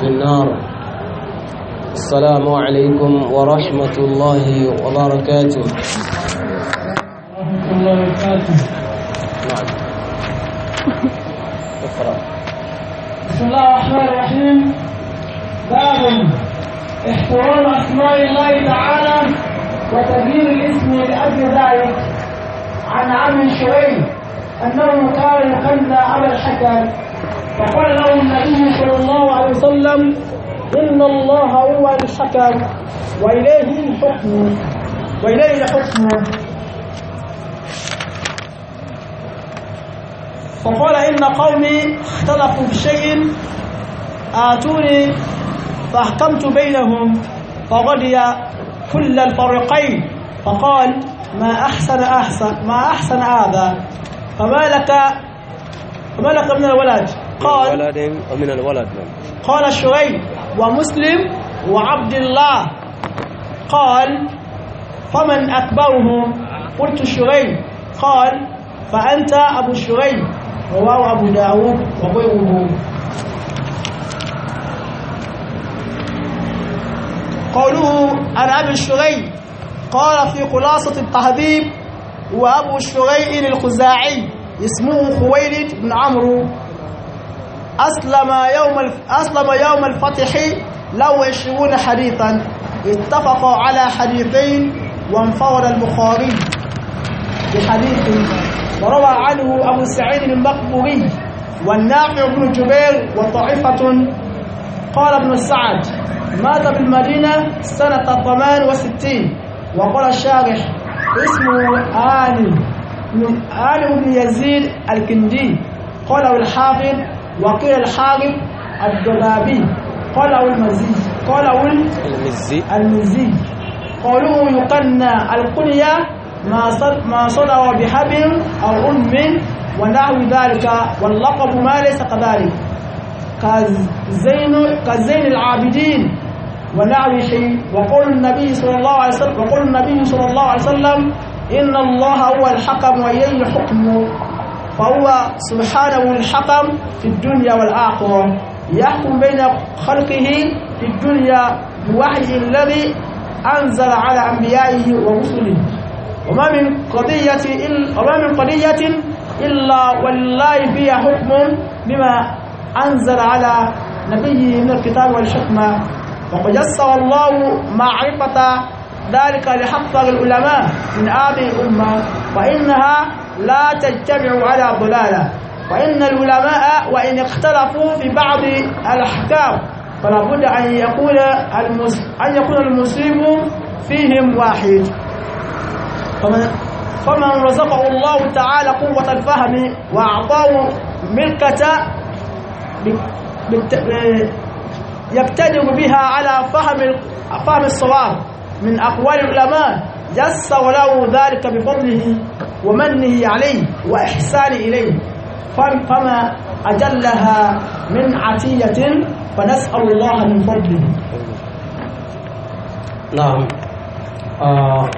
في النار السلام عليكم ورحمة الله وبركاته ورحمة الله وبركاته نعم بسم الله الرحمن الرحيم باب احترام أسماء الله تعالى وتغيير الاسم لأجل ذلك عن عم شعيب أنه كان يقلد أبا الحكم فقال له النبي صلى الله عليه وسلم إن الله هو الحكم وإليه الحكم وإليه الحكم فقال إن قومي اختلفوا في شيء آتوني فأحكمت بينهم فغدي كل الفريقين فقال ما أحسن أحسن ما أحسن هذا فما لك فما لك من الولد قال ولد ومن الولد قال شعيب ومسلم وعبد الله قال فمن أكبرهم قلت شعيب قال فأنت أبو شعيب رواه أبو داود وغيره قوله عن أبي الشريع قال في خلاصة التهذيب وأبو الشريع الخزاعي اسمه خويلد بن عمرو أسلم يوم أسلم يوم الفتح له عشرون حديثا اتفق على حديثين وانفرد البخاري بحديث وروى عنه أبو سعيد المقبوري والنافع بن جبير وطائفة قال ابن سعد مات بالمدينة سنة 68 وقال الشارح اسمه آني من آل بن يزيد الكندي قاله الحافظ وقيل الحاغب الضبابي قاله المزي قاله المزي المزي قوله يقنى القنية ما صل ما صلوا بحبل أو أم ونحو ذلك واللقب ما ليس كذلك كزين كزين العابدين ونحوه وقول النبي صلى الله عليه وسلم وقول النبي صلى الله عليه وسلم إن الله هو الحكم وإليه الحكم فهو سبحانه الحكم في الدنيا والآخرة يحكم بين خلقه في الدنيا بوحي الذي أنزل على أنبيائه ورسله وما من قضية إلا وما من قضية إلا والله فيها حكم بما أنزل على نبيه من الكتاب والحكمة وقد يسر الله معرفة ذلك لحفظ العلماء من هذه الأمة فإنها لا تجتمع على ضلالة وإن العلماء وإن اختلفوا في بعض الأحكام فلا بد أن يكون أن يكون المسلم فيهم واحد فمن, فمن رزقه الله تعالى قوة الفهم وأعطاه ملكة يقتدر بها على فهم فهم الصواب من أقوال العلماء يسر له ذلك بفضله ومنه عليه وإحسان إليه فما أجلها من عتية فنسأل الله من فضله نعم آه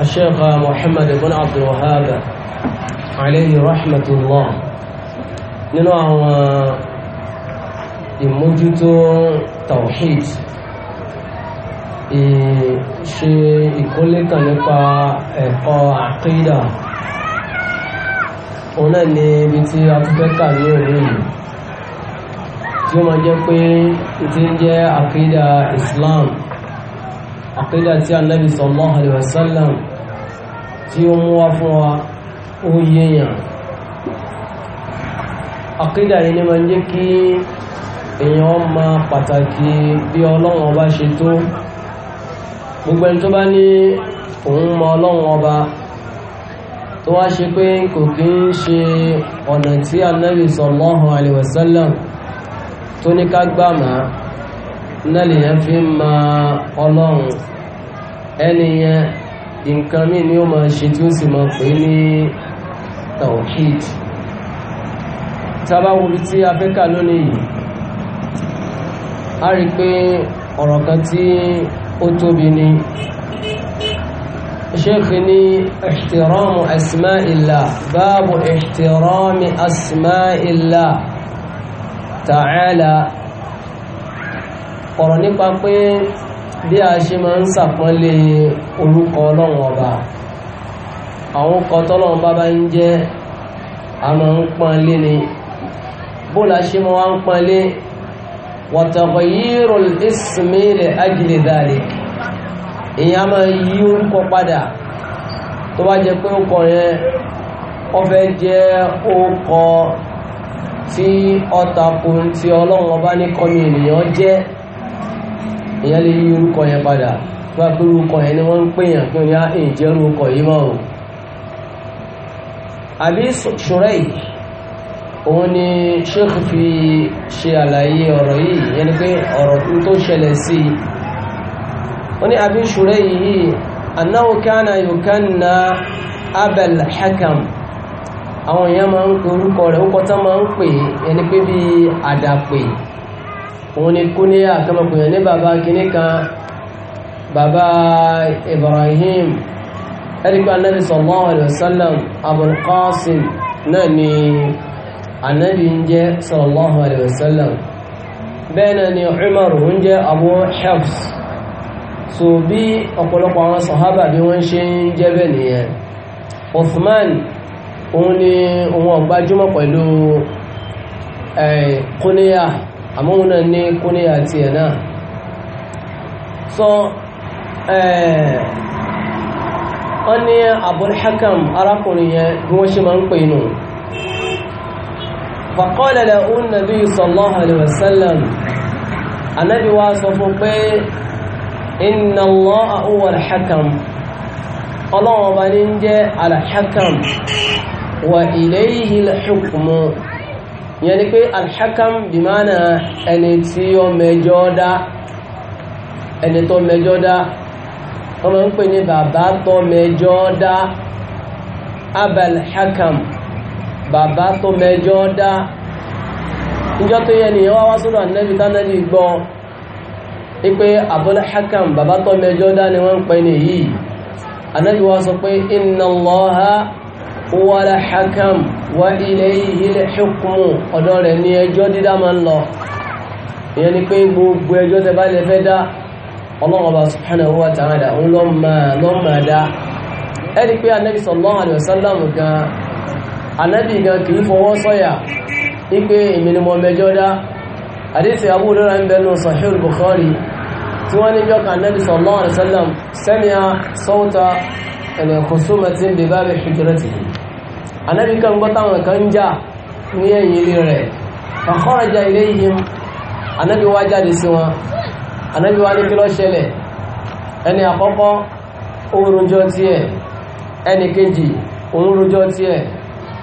الشيخ محمد بن عبد الوهاب عليه رحمة الله nínú àwọn ìmójútó tawhid ṣe ìkólékàn nípa ẹ̀kọ́ àkídà òun náà ni ibi tí a ti fẹ́ kà ní òní yìí tí ó máa jẹ́ pé ìdí ń jẹ́ àkídà Islam àkídà tí Ànábì sallallahu alaihi wasallam tí ó mú wá fún wa ó yéèyàn àkídà yìí ni máa ń jẹ́ kí èèyàn máa pàtàkì bí Ọlọ́run ọba ṣe tó gbogbo ẹni tó bá ní òun mọ ọlọ́run ọba tó wá ṣe pé kò kí ń ṣe ọ̀nà tí anábì sallallahu alaihi tó ní ká gbàmà náà fi ń ma ọlọ́run ni ó máa ṣe tí ó sì pè ní a lónìí a ó tóbi ni ṣéèkì ní ihtiramu asma'illah báàbù ihtirami asma'illah ta'ala ọ̀rọ̀ nípa pé bí a ṣe máa ń sàpọ́nlé orúkọ ọlọ́run ọba àwọn ọkọ̀ tọ́lọ́run bá bá ń jẹ́ a ń pọ́nlé ni bó la ṣe máa ń pọ́nlé wàtàkọ̀yírò ìsìnmílẹ̀ ajílẹ̀ dàlẹ̀ èyàn máa yí orúkọ padà tó bá jẹ pé orúkọ yẹn ó fẹ́ jẹ́ orúkọ tí ọ̀tàkùn tí ọlọ́run ọba ní kọ́mi ènìyàn jẹ́ o òun ni sheikh fi ṣe àlàyé ọ̀rọ̀ yìí yẹni pé ọ̀rọ̀ tó ṣẹlẹ̀ sí i ó ní Abi Shurayh yìí annahu kana yukanna abel hakam àwọn èèyàn máa ń pe orúkọ rẹ̀ orúkọ tán máa ń pè yẹni pé bí àdàpè òun ni kúníyà kọmọkùnrin ní bàbá kìíní kan bàbá Ibrahim ẹ̀rí pé Annabi sallallahu alaihi wasallam Abul náà ni anabi nje jẹ́ sallallahu alayhi wa sallam bẹ́ẹ̀ náà ni umar ń jẹ́ abu hafs so bí ọ̀pọ̀lọpọ̀ àwọn sahaba bí wọ́n ṣe ń jẹ́ bẹ́ẹ̀ nìyẹn òun ni òun ọ̀gbájúmọ̀ pẹ̀lú kúníyà àmọ́ ní kúníyà فقال له النبي صلى الله عليه وسلم النبي واصف إن الله هو الحكم الله بننجى على الحكم وإليه الحكم يعني كي الحكم بمعنى أن تيو مجودا أن تو مجودا ومن كي بابا تو مجودا أبا الحكم bàbá tó mẹjọ dá níjọ́ tó yẹ ni wá wá sọ́dọ̀ ànábì tánàbì gbọ́ wípé Abul Hakam bàbá tó mẹjọ dá ni wọ́n ń pè ní yìí ànábì wá sọ pé inna wa ilayhil hukmu hukumu rẹ̀ ní ẹjọ́ dídá ń lọ ìyẹn ni pé gbogbo ẹjọ́ tẹ bá lè fẹ́ dá Ọlọ́run subhanahu wa ta'ala ń lọ́mà dá ẹni pé ànábì sallallahu anábì gan kìí fọwọ́ sọ́yà wípé èmi ni mo mẹjọ dá àdísì abúrúra ń bẹnu sahih bukhari tí wọ́n ní jọ́ka anábì sallallahu alaihi wasallam sami'a sawta khusumatin bi babi hujratihi anábì kan gbọ́ táwọn kan já ní ẹ̀yìn ilé rẹ̀ kí ló ṣẹlẹ̀ ẹni àkọ́kọ́ òun rojọ́ tiẹ̀ ẹni kejì òun rojọ́ tiẹ̀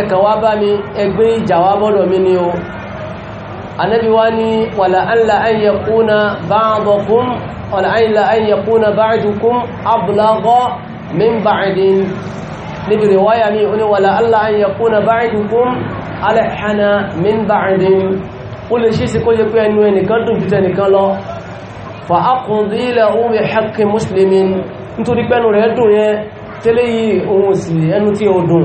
ẹkàn wá bá mi ẹgbẹ́ ìjà wá bọ́dọ̀ mi ni o anábi wá ní wàlà ánlá an yakuna ba'dukum wàlà ánlá an yakuna ba'dukum ablagha min ba'din níbi riwaya mi o ní wàlà ánlá an yakuna ba'dukum alhana min ba'din ó lè ṣí sí kó jẹ́ pé ẹnu ẹnìkan dùn jù tẹnìkan lọ fa aqdi lahu bi haqqi muslimin nítorí pẹ́nu rẹ̀ dùn yẹn tẹ́lẹ̀ yìí ohun sì ẹnu tí ó dùn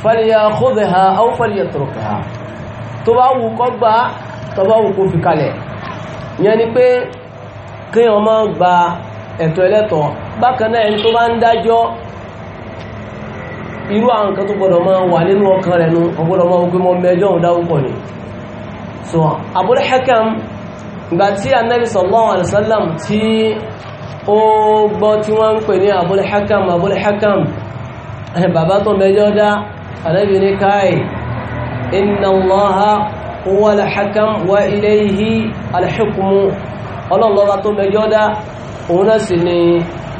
falyakhudha aw falyatrukha tó bá wù kó gbà tó bá wù kó fi kalẹ̀ ìyẹn ni pé kéèyàn máa gba ẹ̀tọ́ ẹlẹ́tọ̀ọ́ bákan náà ẹni tó bá ń dájọ́ irú àwọn tó gbọdọ̀ máa wà nínú ọkàn rẹ̀ nu ọgbọdọ̀ máa gbé mọ́ mẹjọ́ òun dáwọ́pọ̀ ni so Abul Hakam ìgbà tí anabi sallallahu alaihi wasallam tí ó gbọ́ tí wọ́n ń pè ní Abul Hakam Abul Hakam bàbá tó mẹjọ́ dá ànábì ní káì inna Allaha huwa al-hakam wa ilayhi al-hukmu ọlọ́lọ́ba tó mẹjọ́ dá òun náà sì ni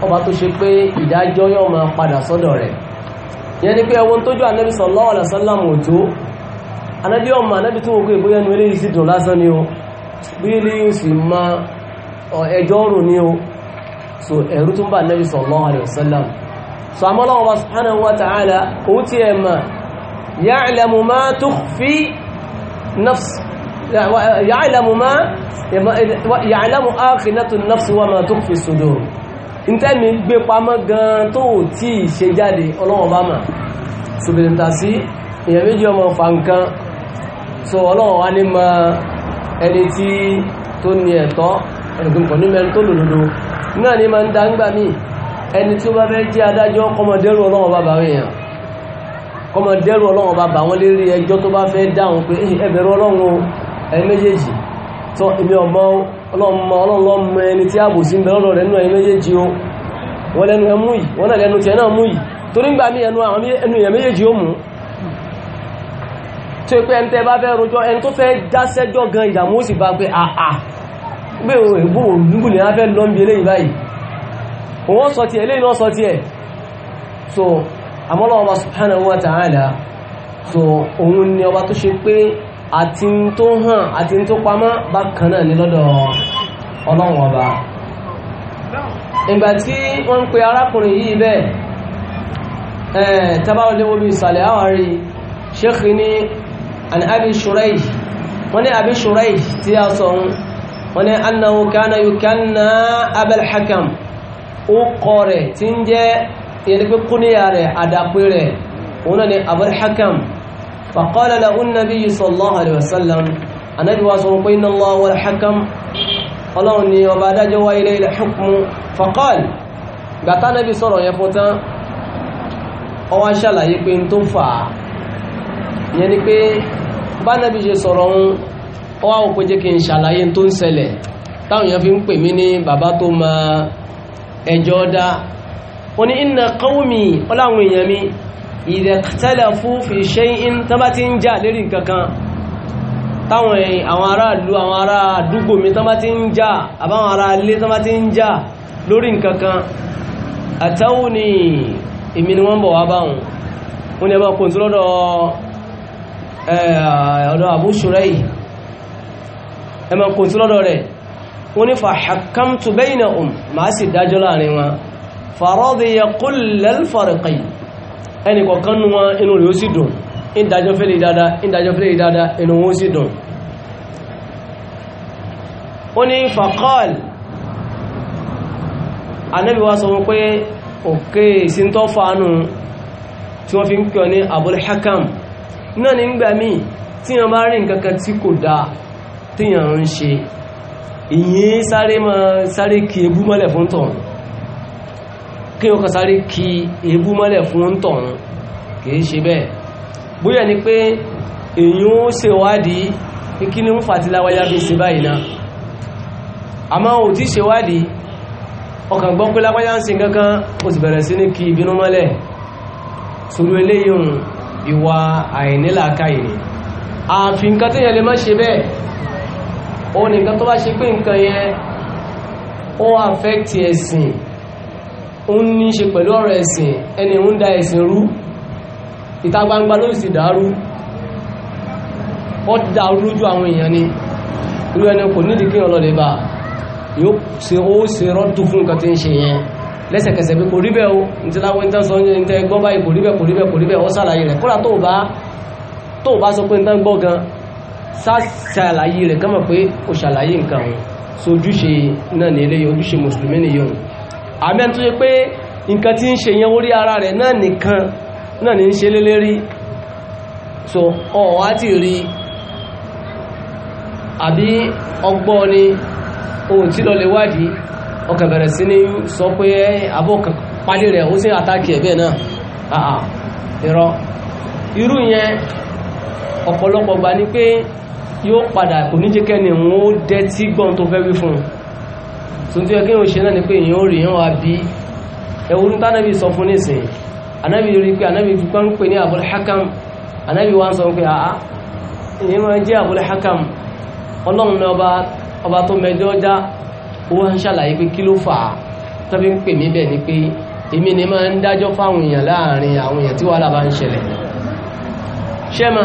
ọba tó ṣe pé ìdájọ́ yóò máa padà sọ́dọ̀ rẹ̀ yẹn ni pé ẹwọ́n tójú ànábì sallallahu alaihi wasallam òjò ànábì ọmọ ànábì tó wọ́n pé eléyìí dùn lásán ni o bí ni o so ẹ̀rú tó ń bá so àmọ́ Ọlọ́hun Ọba subhanahu wa ta'ala kò tí ẹ ma ya'lamu ma tukhfi nafs ya'lamu ma ya'lamu akhinatu nafs wa ma tukhfi sudur in tẹ́mi gbé pamọ́ gan tó tí ṣe jáde Ọlọ́hun Ọba ma ṣùgbìntà sí èyàn méjì ọmọ fa so Ọlọ́hun ní ma ẹni tí tó ní ẹ̀tọ́ ẹ̀gbìnkọ̀ ní mẹ́rin tó lòlòdò náà ní ma ń dá ń gbà míì ẹni tí ó bá fẹ́ jẹ́ adájọ́ kọmọdẹ́rù ọlọ́wọ́n bá bá wẹ̀yàn kọmọdẹ́rù ọlọ́wọ́n bá bá wọn lérí ẹjọ́ tó bá fẹ́ dáhùn pé ẹbẹ̀rẹ̀ ọlọ́run ẹni méjèèjì tó èmi ọmọ ọlọ́mọ ẹni tí ààbò sí bẹ̀rẹ̀ ọlọ́rẹ̀ nínú ẹni méjèèjì o wọ́n lẹ́nu ẹ mú yìí wọ́n náà lẹ́nu tiẹ̀ náà mú yìí torí gbà mí ẹnu àwọn ẹnu ìyẹn méjèèjì ó mú tó pé ẹni tẹ́ bá fẹ́ rojọ́ ẹni tó fẹ́ dáṣẹ́jọ́ gan ìdààmú ó sì bá pé àà bẹ́ẹ̀ òun ìbúrò nígbùn ní a fẹ́ lọ́mbi eléyìí báyìí wọ́n sọ tí ẹ̀ lẹ́yìn sọ tí ẹ̀ so àmọ́lọ́wọ́ bá subhanahu wa ta'ala so òun ni ọba tó ṣe pé àti tó hàn àti tó pamọ́ bákan náà ní lọ́dọ̀ ọlọ́run ọba ìgbà tí wọ́n ń pe arákùnrin yìí bẹ́ẹ̀ ẹ̀ tabawo lé wọlé ìsàlẹ̀ àwárí sheikh ni an abi shuraih annahu kana yukanna abal hakam ó kọ rẹ̀ tí ń jẹ́ yẹni pé kúníyà rẹ̀ àdàpé rẹ̀ òun náà ni Abul Hakam faqala lahu an-nabiyyu sallallahu alayhi wa sallam anábì wa sọ pé inna Allaha wal hakam ọlọ́run ni ọba adájọ́ wa ilayhi al-hukmu faqala gbàtà anábì sọ̀rọ̀ yẹn fún tán ọwá ṣàlàyé pé n tó fà táwọn èèyàn fi ń pè mí ní bàbá tó máa ẹjọ́ dá o ní inna qawmi ọláwọn èèyàn mi idhtalafu fi shay'in tán bá ti ń jà lérí kankan táwọn àwọn ará ìlú àwọn ará àdúgbò mi tán bá ti ń jà àbáwọn ará ilé tán bá ti ń já, lórí nkankan àtawuni èmi ni wọ́n bọ̀ wá báwọn wọ́n ni ẹ máa kòntú lọ́dọ̀ ọ̀dọ̀ Abu Shuraih ẹ máa kòntú lọ́dọ̀ rẹ̀ ó ní fàhakamtu bainahum máa sì dájọ́ láàrin wọn faradiya kullal farqayn ẹni kọ̀ọ̀kan nu wọn inú rẹ̀ ó sì dùn ìdájọ́ fẹ́lẹ̀ dáadáa ìdájọ́ fẹ́lẹ̀ dáadáa inú wọn ó sì dùn ó ní faqal Ànábì wa sọ wọn pé òkè ìsìntọ́ tí wọ́n fi ń pè ní Abul Hakam náà ní ń gbà tí ìyìn sáré ma sáré kí ebú mọ́lẹ̀ fún tọ̀hún kí o kà sáré kí ebú mọ́lẹ̀ fún tọ̀hún kìí ṣe bẹ́ẹ̀ bóyá ni pé èyí ó ṣèwádìí kí ni ń fà tí láwáyá fi ṣe báyìí náà àmọ́ ò tí ṣèwádìí ọkàn gbọ́ pé láwáyá ń sin kankan ó sì bẹ̀rẹ̀ sí ní kí ìbínú mọ́lẹ̀ sórí eléyìí ìwà àìnílàkàyè àfi nǹkan tí yẹn lè má ṣe bẹ́ẹ̀ ó ní nǹkan tó bá ṣe pé nǹkan yẹn ó àfẹ́kì ẹ̀sìn ó ní ṣe pẹ̀lú ọ̀rọ̀ ẹ̀sìn ẹni ń da ẹ̀sìn rú ìta gbangba ló sì dàrú ó dàrú lójú àwọn èèyàn ni irú ẹni kò nídìí kí ọlọ́lẹ̀ bá yóò ṣe ó ṣe rọ́dù fún nǹkan tí ń ṣe yẹn lẹ́sẹ̀kẹsẹ̀ pé kò rí bẹ́ẹ̀ o ní ti láwọn ìtàn sọ ní ìtẹ́ gbọ́ báyìí kò rí bẹ́ẹ̀ kò rí bẹ́ẹ̀ kò rí bẹ́ẹ̀ ó ṣàlàyé rẹ̀ kódà sasalaye rẹ̀ kama pé o ṣàlàyé nǹkan so ojúṣe náà ní eléyìí ojúṣe mùsùlùmí nìyàn àmì ẹni tó yẹ pé nǹkan tí ara rẹ̀ náà nìkan náà ní ń ṣe lélẹ́rí so ọ̀wá ti rí àbí ni ohun tí lọ lè wádìí ọkàn bẹ̀rẹ̀ sí ní sọ pé abọ́kàn pálí rẹ̀ ó sì àtàkì ẹ̀bẹ̀ náà irọ́ ọ̀pọ̀lọpọ̀ gbà ní pé yóò padà kò ní jẹ́ kẹ́ni òun ó dẹ́ tí gbọ́n tó fẹ́ wí fún un tó ń tí ó kí òun ṣe náà ni pé èèyàn ò yàn wá bí ẹwùrú tánàbí sọ fún nísìn Abul Hakam anábì wá ń sọ pé àá èèyàn Hakam ọlọ́run ní ọba tó mẹjọ já ó wá ń ṣàlàyé pé kí ló fà á tọ́bí ń pè mí bẹ́ẹ̀ ni pé èmi ni máa ń dájọ́ fáwọn èèyàn láàrin àwọn èèyàn tí wàhálà bá ń ṣẹlẹ̀ ṣẹ́mà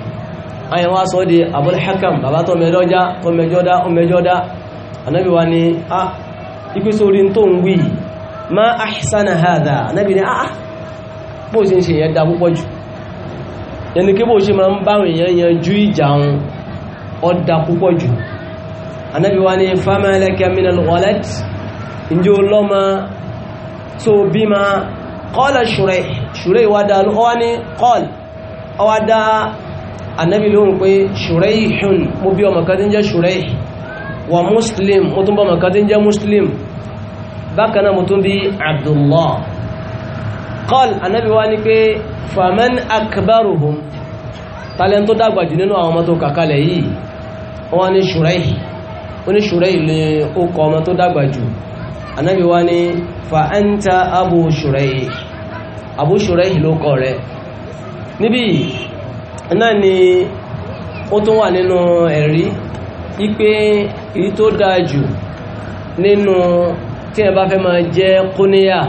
ayẹ wá sọ di Abul Hakam bàbá tó mẹjọ́dá tó mẹjọ́dá ó mẹjọ́dá anábi wa ni a ipi sórí tó ń wí ma ahsana hadha anábi ni ah, ah bó ṣe ń ṣe yẹn dá púpọ̀ jù yẹni kí bó ṣe máa ń báwọn èèyàn yanjú ìjà wọn ó dá púpọ̀ jù anábi wa ni fama laka minal walad injo loma tó bí ma qala Shuraih Shuraih wa dá ọwá ní qala ọwá dá anábì lóhun pé ṣùrẹ́ìhùn mú bí ọmọ kan tí ń jẹ́ ṣùrẹ́ì wà muslim mú tún bọ́ ọmọ kan tí ń jẹ́ muslim bákan náà mú tún bí abdullah qal anábì wá ní pé faman akbaruhum talent tó dàgbà jù nínú àwọn ọmọ tó kàkalẹ̀ yìí wọ́n ní ṣùrẹ́ì ó ní ṣùrẹ́ì lè ó ọmọ tó dàgbà jù anábì wá ní fa abu ṣùrẹ́ì abu ṣùrẹ́ì ló kọ rẹ̀ níbi náà ni ó tún wà nínú ẹ̀rí wípé èyí tó dáa jù nínú tí ẹ bá fẹ́ máa jẹ́ kóníyà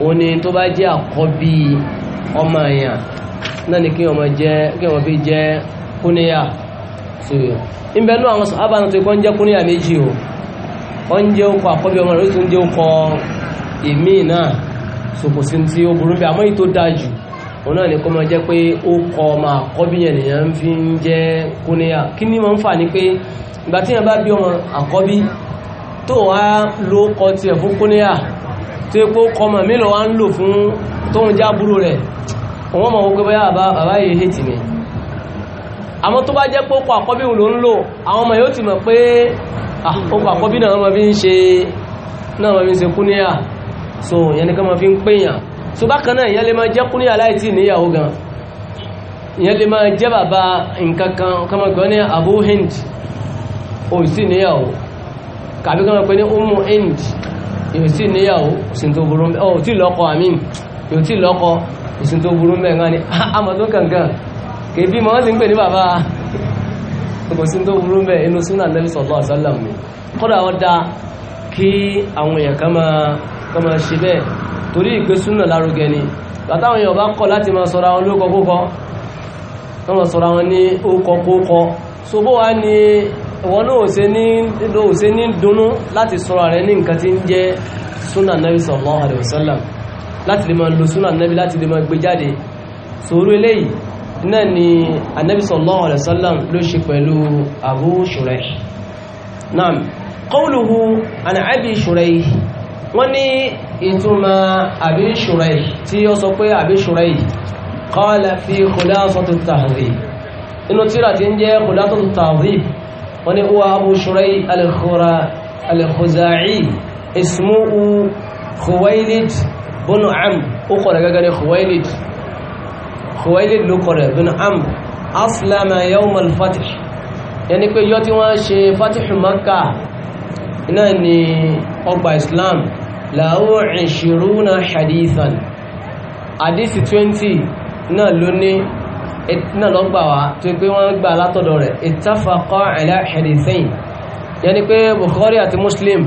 òun ni tó bá jẹ́ ọmọ èèyàn náà ni kí ọmọ jẹ́ kí ọmọ fi jẹ́ kóníyà sí i ń àwọn o ó ń jẹ́ okọ̀ àkọ́bí ọmọ rẹ̀ ó sì ń jẹ́ okọ̀ èmi náà sòkòsí tí ó òun náà ni kó máa jẹ́ pé ó kọ ọmọ àkọ́bí yẹn fi ń jẹ́ kúníyà kí ni máa ń fà ní pé ìgbà tí yẹn bá bí ọmọ àkọ́bí tó wá ló kọ tiẹ̀ fún kúníyà tó yẹ kó kọ ma mi wá ń lò fún tóun já rẹ̀ òun mọ̀ wọ́n pé báyà bàbá yìí àmọ́ tó bá jẹ́ pé ó kọ fi ń ṣe so ìyẹn ni ká so bákan náà ìyẹn lè máa jẹ́ kúnlẹ̀ aláìtì níyàwó gan ìyẹn lè máa jẹ́ bàbá nkankan kọmọgbọ́n ní abu hind òsì níyàwó kàbí kọmọgbọ́n ní umu hind òsì níyàwó òsìn tó burú mẹ́ ọ̀ tí lọ́kọ àmín yóò tí lọ́kọ òsìn tó burú mẹ́ gan ni amọ̀tún kankan kèbí mọ́ sí ń pè ní bàbá òsìn tó burú mẹ́ inú súnà nabi sallallahu alaihi wasallam ni kódà ó dá kí àwọn èèyàn kan máa ṣe bẹ́ẹ̀ torí ìgbé súnà lárugẹ ni bàtàwọn èèyàn bá kọ̀ láti máa sọ̀rọ̀ àwọn lókọ kókọ wọ́n máa sọ̀rọ̀ àwọn ní ókọ kókọ so bó wá ní ìwọ́n náà ò ṣe ní dunnú láti sọ̀rọ̀ rẹ ní nǹkan tí ń jẹ́ súnà nàbí sallallahu ni anabi sallallahu alaihi Abu Shuraih naam qawluhu an Abi Shuraih ìtumọ̀ Abi Shuraih tí ó sọ pé Abi Shuraih qala fi Khulasatu Tahdhib inú tíra tí ń jẹ́ Khulasatu Tahdhib wọ́n ni huwa Abu Shuraih al-Khuzai ismuhu Khuwailid bin Amr ó kọ̀ daga gani Khuwailid Khuwailid ló kọ̀ bin Amr aslama yawm al-fath ọgbà Islam láwọ́ ìṣirúnà hadithan àdísì 20 náà ló ní náà lọ gbà wá tó pé wọ́n gbà látọ̀dọ̀ rẹ̀ ittafaqa ala hadithain yẹni pé Bukhari àti Muslim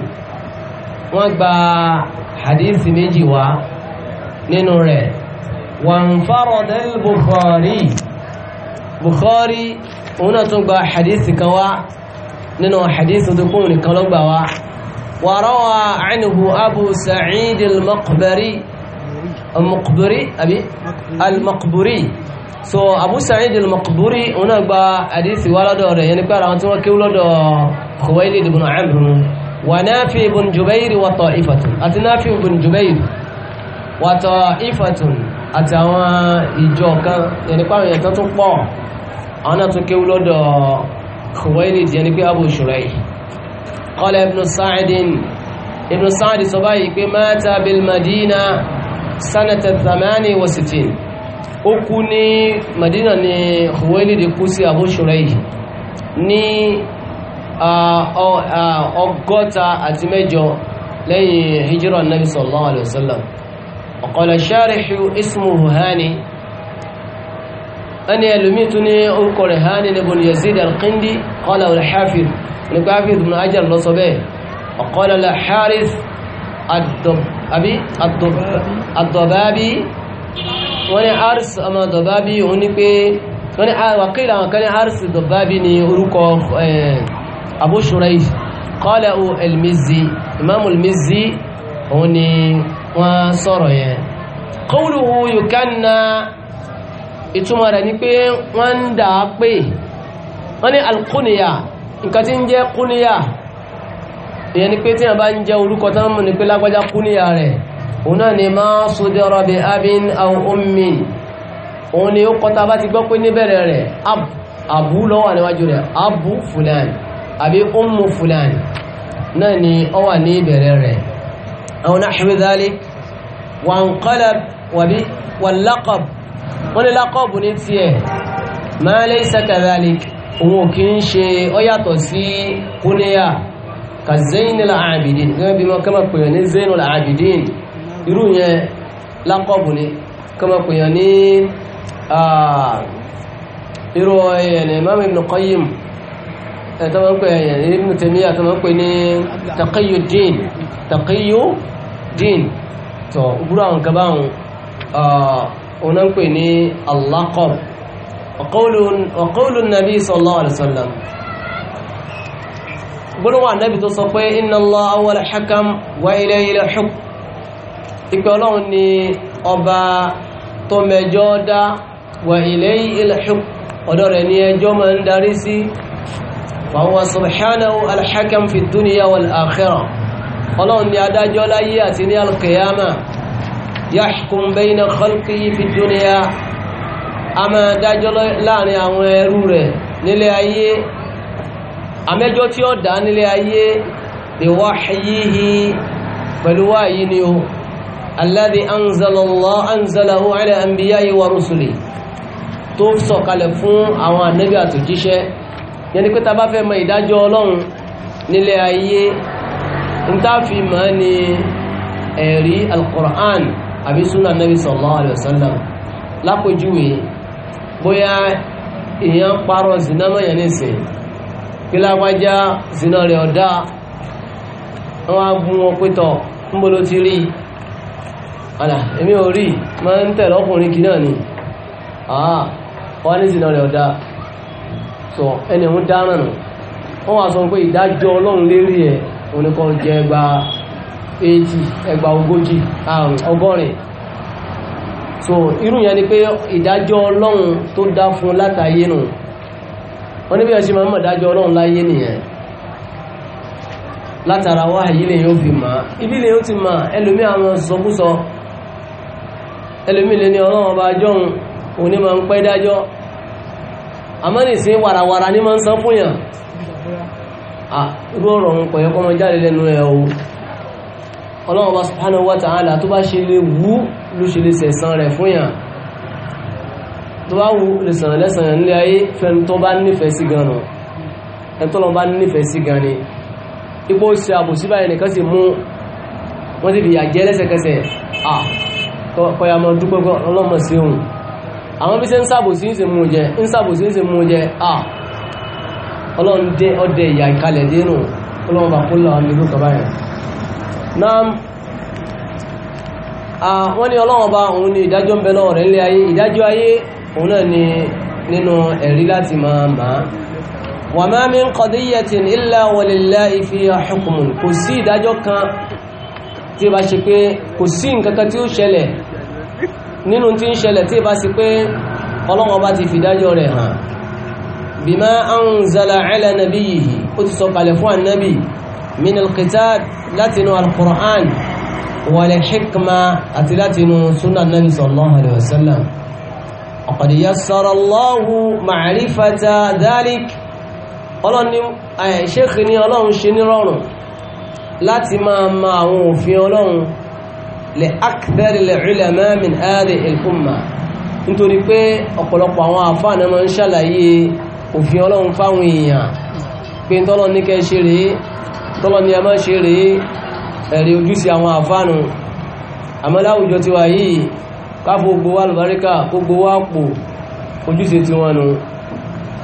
wọ́n gba hadisi méjì wá nínú rẹ̀ wọ́n farada Bukhari Bukhari òun tún gba hadisi kan wá nínú hadisi tó kún وروى عنه أبو سعيد المقبري المقبري أبي المقبري so Abu Sa'id al-Maqburi ona gba hadisi wa lọ́dọ̀ rẹ̀ yani pa àwọn tí wọ́n kéwú lọ́dọ̀ Khuwaylid ibn Amr wa Nafi ibn Jubair wa ta'ifatun àti Nafi ibn Jubair wa ta'ifatun àti àwọn ìjọ kan yani pa àwọn tó tún pọ̀ àwọn náà tún kéwú lọ́dọ̀ Khuwaylid yani pé Abu Shuraih قال ابن سعد ابن سعد صباي مات بالمدينة سنة الثمان وستين أكوني مدينة خويلد كوسي أبو شريح ní ọgọ́ta àti mẹ́jọ lẹ́yìn hijira nabi sallallahu alaihi wasallam ọ̀kọ̀lẹ̀ ṣáàrìṣù ismuhu hani ẹni ẹlòmíì tún ní orúkọ rẹ̀ hání ní ibn yazid al-qindi qala al-hafiz nípa hafiz ibn hajar lọ sọ bẹ́ẹ̀ qala al-harith ad-dababi wọ́n ní haris ọmọ ad-dababi òun ní pé wọ́n ní haris ad ní orúkọ abu shuraih qala al-mizzi imam al-mizzi òun ni wọ́n sọ̀rọ̀ yẹn qawluhu ìtumọ̀ rẹ̀ ni pé wọ́n ń dà á pé wọ́n ní alkúnìyà nǹkan tí ń jẹ́ kúnìyà ìyẹn ni pé tí wọ́n bá ń jẹ́ orúkọ tán mú ni pé lágbájá kúnìyà rẹ̀ òun náà ni máa sódẹ́rọ̀ bí abin aw òun ni ó kọta bá ti gbọ́ pé níbẹ̀rẹ̀ rẹ̀ abu lọ́wọ́ níwájú rẹ̀ abu fulan àbí ummu fulan náà ni ó wà ní ìbẹ̀rẹ̀ rẹ̀ aw nahwi dhalik wa anqalab wa bi wal laqab wọ́n ní lákọ́ọ̀bù ní tiẹ̀ ma laysa òun ò ń ṣe sí ka Zainul Abidin gẹ́gẹ́ bí wọ́n kẹ́mọ̀ pèèyàn ní Abidin irú yẹn lákọ́ọ̀bù ní kẹ́mọ̀ pèèyàn ní irú ẹ̀yẹn Imam Ibn ọ̀nà ń pè ní al-laqab wa qawlu an-nabi sallallahu alaihi wasallam gbọ́nàwà nẹ́bì tó sọ pé inna Allah awwal hakam wa ilayhi al-hukm ìpẹ́ ọlọ́run ni ọba tó mẹjọ́ dá wa ilayhi al-hukm ọ̀dọ̀ rẹ̀ ni ẹjọ́ ma ń darí sí wa huwa subhanahu ni adájọ́ láyé àti ní al yahkum bayna khalqihi fi dunya a máa dájọ́ láàrin àwọn ẹrú rẹ̀ nílé ayé amẹ́jọ́ tí ó dá nílé ayé bi wahyihi pẹ̀lú wáyé ni o alladhi anzalallahu anzalahu ala anbiya'i wa rusulihi tó sọ̀kalẹ̀ fún àwọn ànábì àtòjíṣẹ́ yẹni pé ta fẹ́ mọ ìdájọ́ ọlọ́run nílé ayé ń tá mọ́ ni ẹ̀rí al àbí súnà nẹ́bí sallallahu alaihi wasallam bóyá èèyàn parọ́ zina ya nísìn kí lápájá zina rẹ̀ ọ̀dá wọ́n gún wọn pétọ̀ níbo ti rí àdà èmi ò rí máa ń ọkùnrin kì náà ni wọ́n ní zina rẹ̀ ọ̀dá sọ ẹni ń wọ́n wá sọ gba eighty ẹgbà ogójì ọgọ́rin so irú yẹn ni pé ìdájọ́ ọlọ́run tó dá fún látàyé nù wọ́n ní bí ọ̀ṣẹ́ máa ń mọ̀ dájọ́ ọlọ́run láyé nìyẹn látara wá yìí lèyìn fi mà ibi lèyìn ó ti mà ẹlòmí àwọn sọkúsọ ẹlòmí lè ní ọlọ́run ọba jọ́hun òní máa ń pẹ́ dájọ́ àmọ́ nìsín wàràwàrà ní máa ń san fún yàn irú ọ̀rọ̀ ń pẹ̀yọ́kọ́ mọ jáde lẹ́nu ẹ̀ o ọlọ́run bá subhanahu wa ta'ala tó bá ṣe lè wú ló ṣe lè sẹ̀san rẹ̀ fún yàn tó bá wú lè sàn lẹ́sàn nílé ayé fẹ́ni tó bá nífẹ̀ẹ́ sí gan nà ẹni bá nífẹ̀ẹ́ sí gan ni ipò ṣe àbòsí báyìí nìkan sì mú wọ́n ti fìyà jẹ lẹ́sẹ̀kẹsẹ̀ à kọyà mọ́ dúpẹ́ ọlọ́mọ sí òun àwọn bí ṣe ń sàbòsí ń ṣe mú jẹ ń sàbòsí ń ṣe mú ọlọ́run dé ọdẹ ìyà ìkalẹ̀ dénú ọlọ́run bá kó lọ́wọ́ nílùú náà wọ́n ní ọlọ́wọ́n bá òun ní ìdájọ́ ń bẹ lọ́wọ́ rẹ̀ nílé ayé ìdájọ́ ayé òun náà ni nínú ẹ̀rí láti máa máa wa ma min qadiyatin illa wa lillahi fiha hukmun kò sí ìdájọ́ kan tí bá ṣe pé kò sí nǹkankan tí ó ṣẹlẹ̀ nínú tí ń ṣẹlẹ̀ tí bá ṣe pé ọlọ́wọ́n bá ti fìdájọ́ rẹ̀ hàn bima anzala ala nabiyyihi ó ti sọ kalẹ̀ fún ànábì min al-kitab látinú al-qur'an wàlẹ̀ hikma àti látinú súnà nabi sallallahu alayhi wa sallam qad yassara Allahu ma'rifata dhalik ọlọ́ni ṣéèkì ní ọlọ́run ṣe ní rọrùn láti máa ma àwọn òfin ọlọ́run lè akthar al-ulama min hadhihi al-umma nítorí pé ọ̀pọ̀lọpọ̀ àwọn àfáànà máa ń ṣàlàyé òfin ọlọ́run fáwọn èèyàn pé tọ́lọ́ ní kẹ́ ṣe rèé tọ́lọ ni a máa ṣe rèé ẹ̀rí ojúṣe àwọn àfáànù àmọ́ láwùjọ tiwa yìí káfó gbowó àlùbáríkà kó gbowó àpò ojúṣe tiwọn nu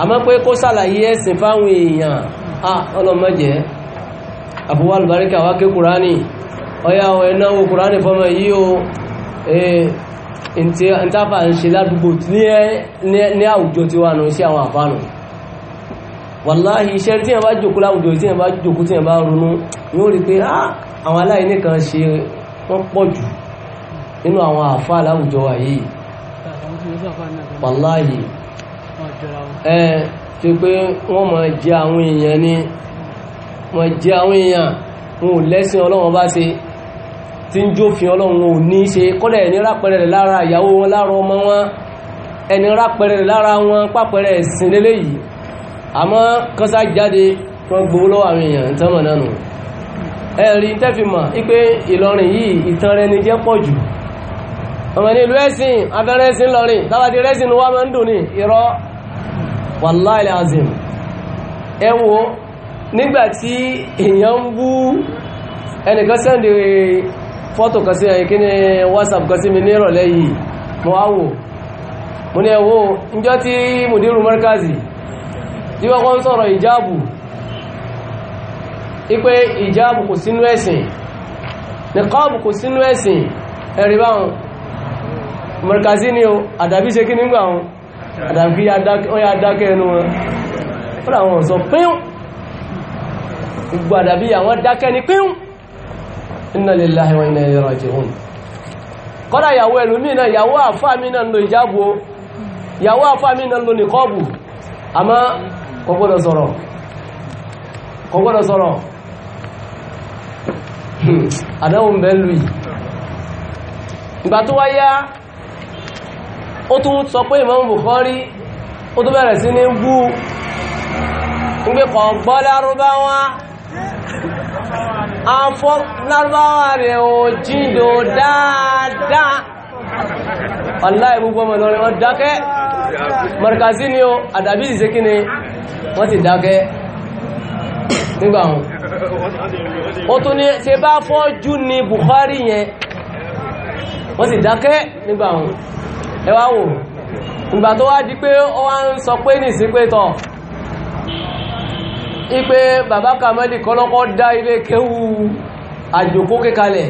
àmọ́ pé kó sàlàyé ẹ̀sìn fáwọn èèyàn ọlọ́mọjẹ́ àbúwá àlùbáríkà wá ké kùránì ọya ọ̀ ẹ̀náwó kùránì fọmọ yìí o ìntàfà ń wàláhì iṣẹ́ tí yẹn jòkó láwùjọ tí yẹn jòkó tí yẹn ronú yóò rí pé ah, àwọn aláìní kan ṣe wọ́n pọ̀ jù nínú àwọn àfá láwùjọ wa tí pé wọ́n máa ọlọ́run ò ní ṣe kọ́lẹ̀ ẹni rápẹrẹ rẹ̀ lára ìyàwó wọn lára ọmọ wọn ẹni rápẹrẹ rẹ̀ lára wọn pápẹrẹ ẹ̀sìn lélẹ́yìí àmọ́ kọ́sá jáde wọ́n gbowó lọ́wọ́ àwọn èèyàn tán mọ̀ náà nù ẹ̀rí tẹ́fìmọ̀ wípé Ìlọrin yìí ìtàn rẹ̀ ni jẹ́ pọ̀ jù ọmọ ní ìlú ẹ̀sìn abẹ́rẹ́sìn lọrin tábàtí rẹ́sìn wá máa ń dùn ní irọ́ wàláhì azim ẹ wo nígbàtí èèyàn ń bú ẹnìkan sẹ́ndì mi ní ìrọ̀lẹ́ yìí mo wò mo ní níjọ́ tí wọ́n kọ́ ń sọ̀rọ̀ ìjáàbù ipé ìjáàbù kò sínú ẹ̀sìn nìkọ́ọ̀bù kò sínú ẹ̀sìn ẹ̀rí báwọn mọ̀rìkàzí ni o àdàbí ṣe kí nígbà wọn àdàbí ọya adákẹ́ ẹnu wọn fún àwọn ọ̀sọ̀ pín gbogbo àdàbí àwọn dákẹ́ ni pín inna lillahi wa inna ilayhi raji'un kọ́dà ìyàwó ẹlòmí náà ìyàwó àfáà mi náà lo ìjáàbù ìyàwó àfáà mi náà lo nìkọ́ọ̀bù àmọ́ kò gbọ́dọ̀ sọ̀rọ̀ kò gbọ́dọ̀ sọ̀rọ̀ hmm. àdáhùn Imam Bukhari ó tún bẹ̀rẹ̀ sí ní bú nígbé kọ̀ gbọ́ lárúbáwá afọ́ lárúbáwá rẹ̀ aláì gbogbo ọmọ Ìlọrin wọ́n dákẹ́ markazi ni o àdàbí ìṣe kí ni wọ́n ti dákẹ́ nígbà wọn ó tún ní ṣe bá fọ́jú ni Bukhari yẹn wọ́n sì dákẹ́ nígbà wọn ẹ wá wò ìgbà tó wá di pé ó wá ń sọ pé nìsí pé tọ̀ ipe bàbá kọ́lọ́kọ́ dá ilé kéwú àjòkó kékalẹ̀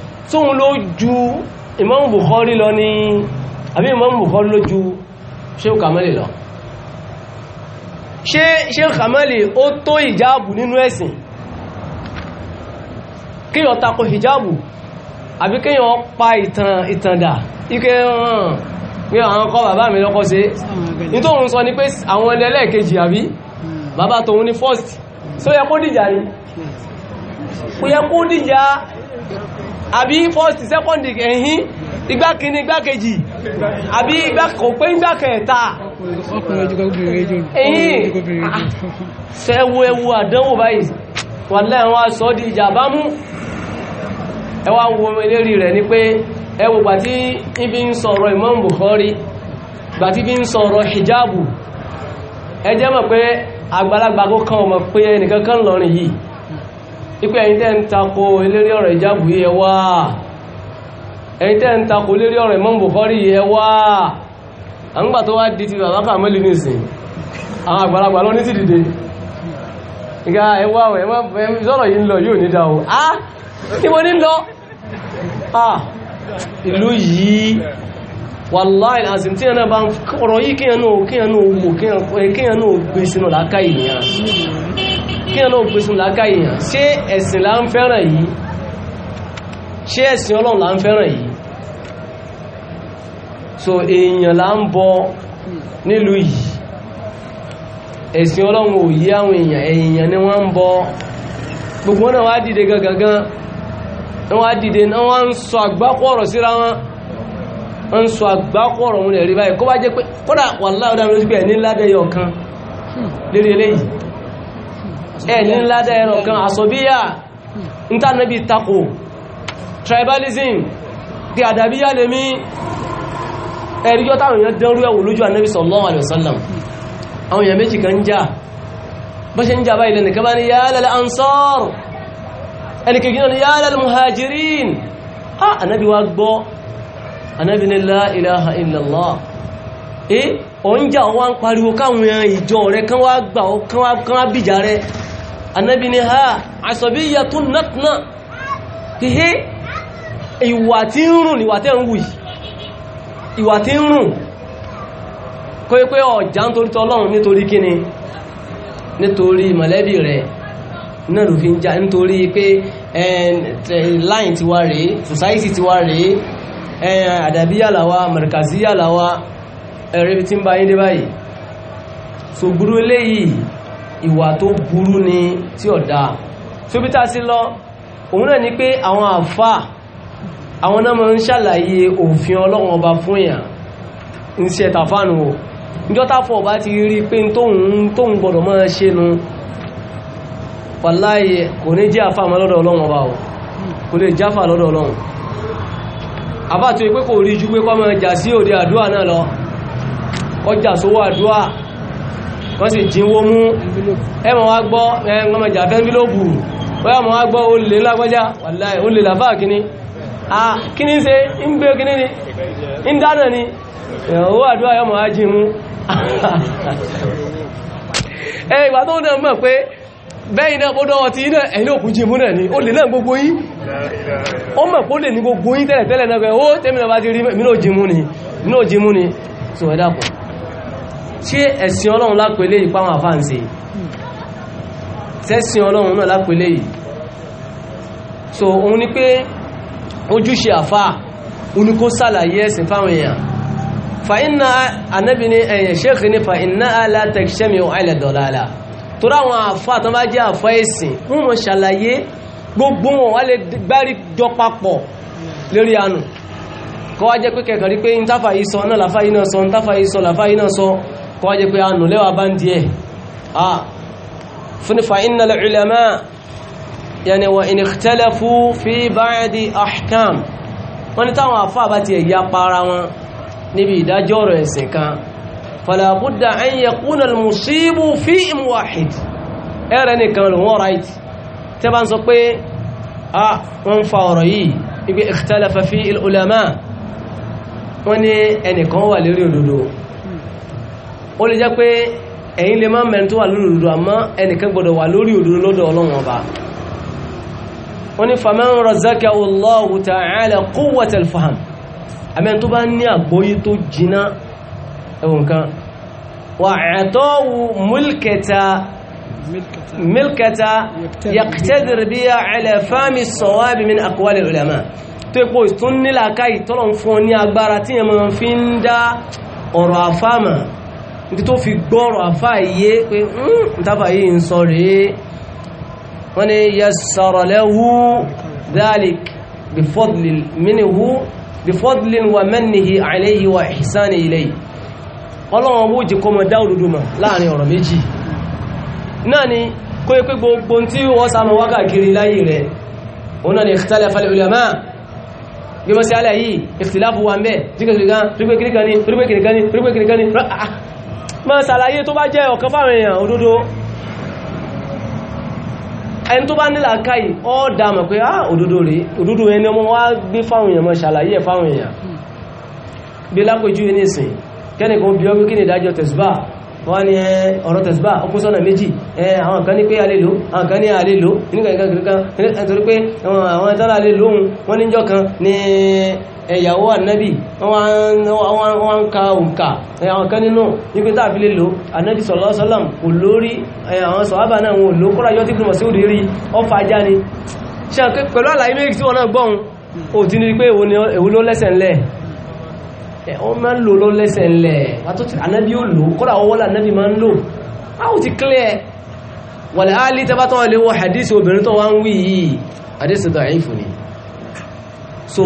tóun ló ju Imam Bukhari lọ ní àbí Imam Bukhari ló ju Sheikh Kamali lọ ṣe Sheikh Kamali ó tó ìjáàbù nínú ẹ̀sìn kíyàn tako hijabu àbí kíyàn pa ìtàn ìtàndà ike hàn pé àwọn kọ́ bàbá mi lọ́kọ́ sí nítòhun sọ ni pé àwọn ẹni ẹlẹ́ẹ̀kejì àbí bàbá tòun ni first so yẹ kó dìjà ni kò yẹ kó dìjà àbí fọ́ọ̀sì second ẹ̀yìn igbákiní igbákejì àbí kò pé igbákẹta ẹ̀yìn sẹ́wọ ẹwọ àdánwò báyìí wà lẹ́ẹ̀rọ aṣọ́ di ìjàbá mú ẹwà wo eléri rẹ̀ ni pé ẹwọ gbàtí ibi ń sọ̀rọ̀ Imam Bukhari gbàtí ibi ń sọ̀rọ̀ hijabu ẹjẹ́ mọ̀ pé àgbàlagbà kó kan ọmọ pé ẹnìkankan lọ́rin yìí ipe ẹ̀yin tẹ́ ń tako eléré ọ̀rọ̀ ìjábù yẹ wá ẹ̀yin tẹ́ ń tako eléré ọ̀rọ̀ ìmọ̀bùkọ́rí yẹ wá àǹgbà tó wá di ti bàbá kàmẹ́lì nìsín àwọn àgbàlagbà lọ ní ti dìde ìgbà ẹwà ẹwà ìsọ́rọ̀ yìí ń lọ yóò ní dá o á kí mo ní lọ ìlú yìí wàláì àzìm tí ẹ̀nà bá ń ọ̀rọ̀ yìí kí làákà kí ọlọ́run pèsè làákà èèyàn ṣé ẹ̀sìn là ń fẹ́ràn yìí ṣé ẹ̀sìn ọlọ́run là ń fẹ́ràn yìí so èèyàn là ń bọ nílùú yìí ẹ̀sìn ọlọ́run ò yí àwọn èèyàn èèyàn ni wọ́n ń bọ gbogbo náà wá dìde gangan wọ́n dìde náà wọ́n ń sọ àgbákò síra wọn ń sọ àgbákò wọn lè rí báyìí kó bá jẹ́ pé kódà wà lójú pé ẹ̀ ní ládẹ́yọ̀ kan hmm. lérí eléyìí ẹni ládá ẹran kan àsọ̀bíyà ìntànàbí tako tribalism pé àdàbíyà lè mí ẹ̀ríjọ́ táwọn èèyàn dánrú ẹ̀wò lójú ànábì sallallahu alaihi wasallam àwọn èèyàn méjì kan já bọ́ ṣe ń jà báyìí lẹ́nìkan bá ní ya lal ansar ẹnìkejì náà ní ya lal muhajirin ha ànábì wa gbọ́ ànábì ní la ilaha illallah eh òun jà wọ́n ń pariwo káwọn ìjọ rẹ̀ kán wá gbà kán wá bìjà rẹ̀ anábi ni ha àṣọ̀bíyà tún náà kí hé ìwà tí ń rùn ìwà tẹ́ ń wù yìí ìwà tí ń rùn kó yí pé ọ̀já torí tọ́lọ́run nítorí kíni nítorí mọ̀lẹ́bí rẹ̀ náà ló fi ń já nítorí pé line ti wá rèé society ti wá rèé àdàbíyà làwa mẹ̀rẹ̀kàzíyà làwa ẹ̀rẹ́bí tí ń bá yín dé báyìí so gúrú eléyìí ìwà tó burú ni tí ọ̀dá ṣóbi tá a sí lọ òun náà ni pé àwọn àfà àwọn náà máa ń ṣàlàyé òfin ọlọ́wọ́n ọba fún èèyàn ń ṣe tàfánù o níjọ́ táfọ̀ ọba ti rí pé tóun gbọ́dọ̀ máa ṣe nu wàláyé kò ní jẹ́ àfà mọ́ lọ́dọ̀ ọlọ́wọ́n ọba wọ́n si dínwó mú a wá gbọ́ ẹgbọ́mọjà fẹ́ńbílóòbù wọ́n yàmọ̀ wá gbọ́ olè wàlá wàláì olè làbá kíní kíní ṣe ń gbé kíní ni ń dáná ni owó àdúrà yọmọ̀ wá jí mú ẹ ìgbà tó náà mọ̀ pé bẹ́yìn náà ó dọ́wọ́ ti náà ẹ̀yìn òkú jí mú náà ni olè náà gbogbo yí ó mọ̀ pé olè ní gbogbo yí tẹ́lẹ̀tẹ́lẹ̀ náà pé ó bá ti rí mú ni so ṣé ẹ̀sìn ọlọ́run lápẹ̀lẹ́ yìí páwọn àfáà ń ṣe sẹ́sìn ọlọ́run náà lápẹ̀lẹ́ yìí so òun ni pé ojúṣe àfáà òun ni kó sàlàyé ẹ̀sìn fáwọn èèyàn fàínà anábì ní ẹ̀yìn ṣéèkì ní fàínà alátẹ̀ṣẹ́mi ọ̀hálẹ̀ dọ̀lálà tó ráwọn àfáà tó bá jẹ́ àfáà ẹ̀sìn wọ́n mọ̀ sàlàyé gbogbo wọn wá lè gbárí jọ papọ̀ lórí àánú kọ́ wá jẹ́ pé kẹ̀kẹ̀rí pé ń táfà yìí sọ náà láfà yìí náà sọ ń táfà yìí sọ láfà yìí náà sọ kọ́ jẹ́ pé ànù lẹ́wà bá ń díẹ̀ à fúnifà iná lẹ́rìlẹ́mẹ́ yẹni wọ ìnìkítẹ́lẹ̀ fún fi báyẹ̀dì ahkam wọ́n ni táwọn àfáà bá ti ẹ̀yà para wọn níbi ìdájọ́ ọ̀rọ̀ ẹ̀sìn kan falabudda an yakuna al fi imwahid ẹ̀rẹ́ nìkan lò wọ́n right tẹ́ bá ń sọ pé a wọ́n fa ọ̀rọ̀ yìí ibi ikhtalafa fi al wọ́n ni ẹnìkan wà lórí òdodo ó lè jẹ́ pé ẹ̀yin lè máa mẹ́rin tó wà lórí òdodo àmọ́ ẹnìkan gbọ́dọ̀ wà lórí òdodo lọ́dọ̀ ọlọ́run ọba wọ́n ní faman razakahu Allahu ta'ala quwwatal faham àmẹ́rin tó bá ní àgbóyí tó jiná ẹ̀wọ̀n kan wa a'tahu mulkata milkata yaqtadir biha ala fahmi as-sawab min aqwali ulama tó epo ìtún nílàkà ìtọ́lọ̀ fún ọ ní agbára tí yẹn fi ń dá ọ̀rọ̀ àfáàmà ibi tó fi gbọ́rọ̀ àfá iye pé ǹtàfà hmm, yìí ń sọ rèé wọ́n ni yassara lahu dhalik bifadlin minhu bifadlin wa mannihi alayhi wa ihsani ilayhi ọlọ́wọ́n wó jẹ́ kọmọ dáòdòdó mọ̀ láàrin ọ̀rọ̀ méjì náà ni kó yẹ pé gbogbo tí wọ́n sáàmù wákàkiri láyé rẹ̀ òun náà ni ikhtalafa al-ulama bí wọ́n alẹ́ yìí ikhtilafu wa ń bẹ́ẹ̀ tí kìrìkan ní torípé kìrìkan ní torípé ma ṣàlàyé tó bá jẹ́ ọ̀kan fáwọn èèyàn òdodo ẹni tó bá nílà káyì ọ́ dámọ̀ pé ah òdodo rí òdodo ẹni ọmọ wá gbé fáwọn èèyàn ma ṣàlàyé fáwọn èèyàn bí lápẹjú ẹni ìsìn kẹ́nìkan bí ọgbẹ́ kí ni ìdájọ́ tẹ̀sùbá wọ́n ní eh, ọ̀rọ̀ tẹ̀síbà ọkúsọ́nà méjì eh, àwọn kan ní pé alélò àwọn kan ní alélò nígbàgbàgbà nítorí pé àwọn ẹ̀tọ́lá alélò wọ́n níjọ́ kan ní ẹ̀yàwó eh, ànábì wọ́n ń ka òǹkà àwọn kan nínú wípé tàbí lè lò ànábì sọ̀lọ́sọ́lọ́m kò lórí àwọn sọ̀hábà náà wọn ló kọ́ra yọ́ tí kùnmọ̀ sí òdìrí ọfà ajá ni ṣe pẹ̀lú àlàyé méjì tí wọ́n náà gbọ́n òtí ni pé èwo ló lẹ́sẹ̀ ńlẹ̀ wọ́n eh, máa ń lò ló lẹ́sẹ̀ ńlẹ̀ anábí ó lò kọ́lá ọwọ́ lànábí máa ń lò áwù ti clear wàlẹ̀ áàlì tẹ́bá tán lè wọ hadisi obìnrin tó wá ń wí yìí hadisi da'ifu ni so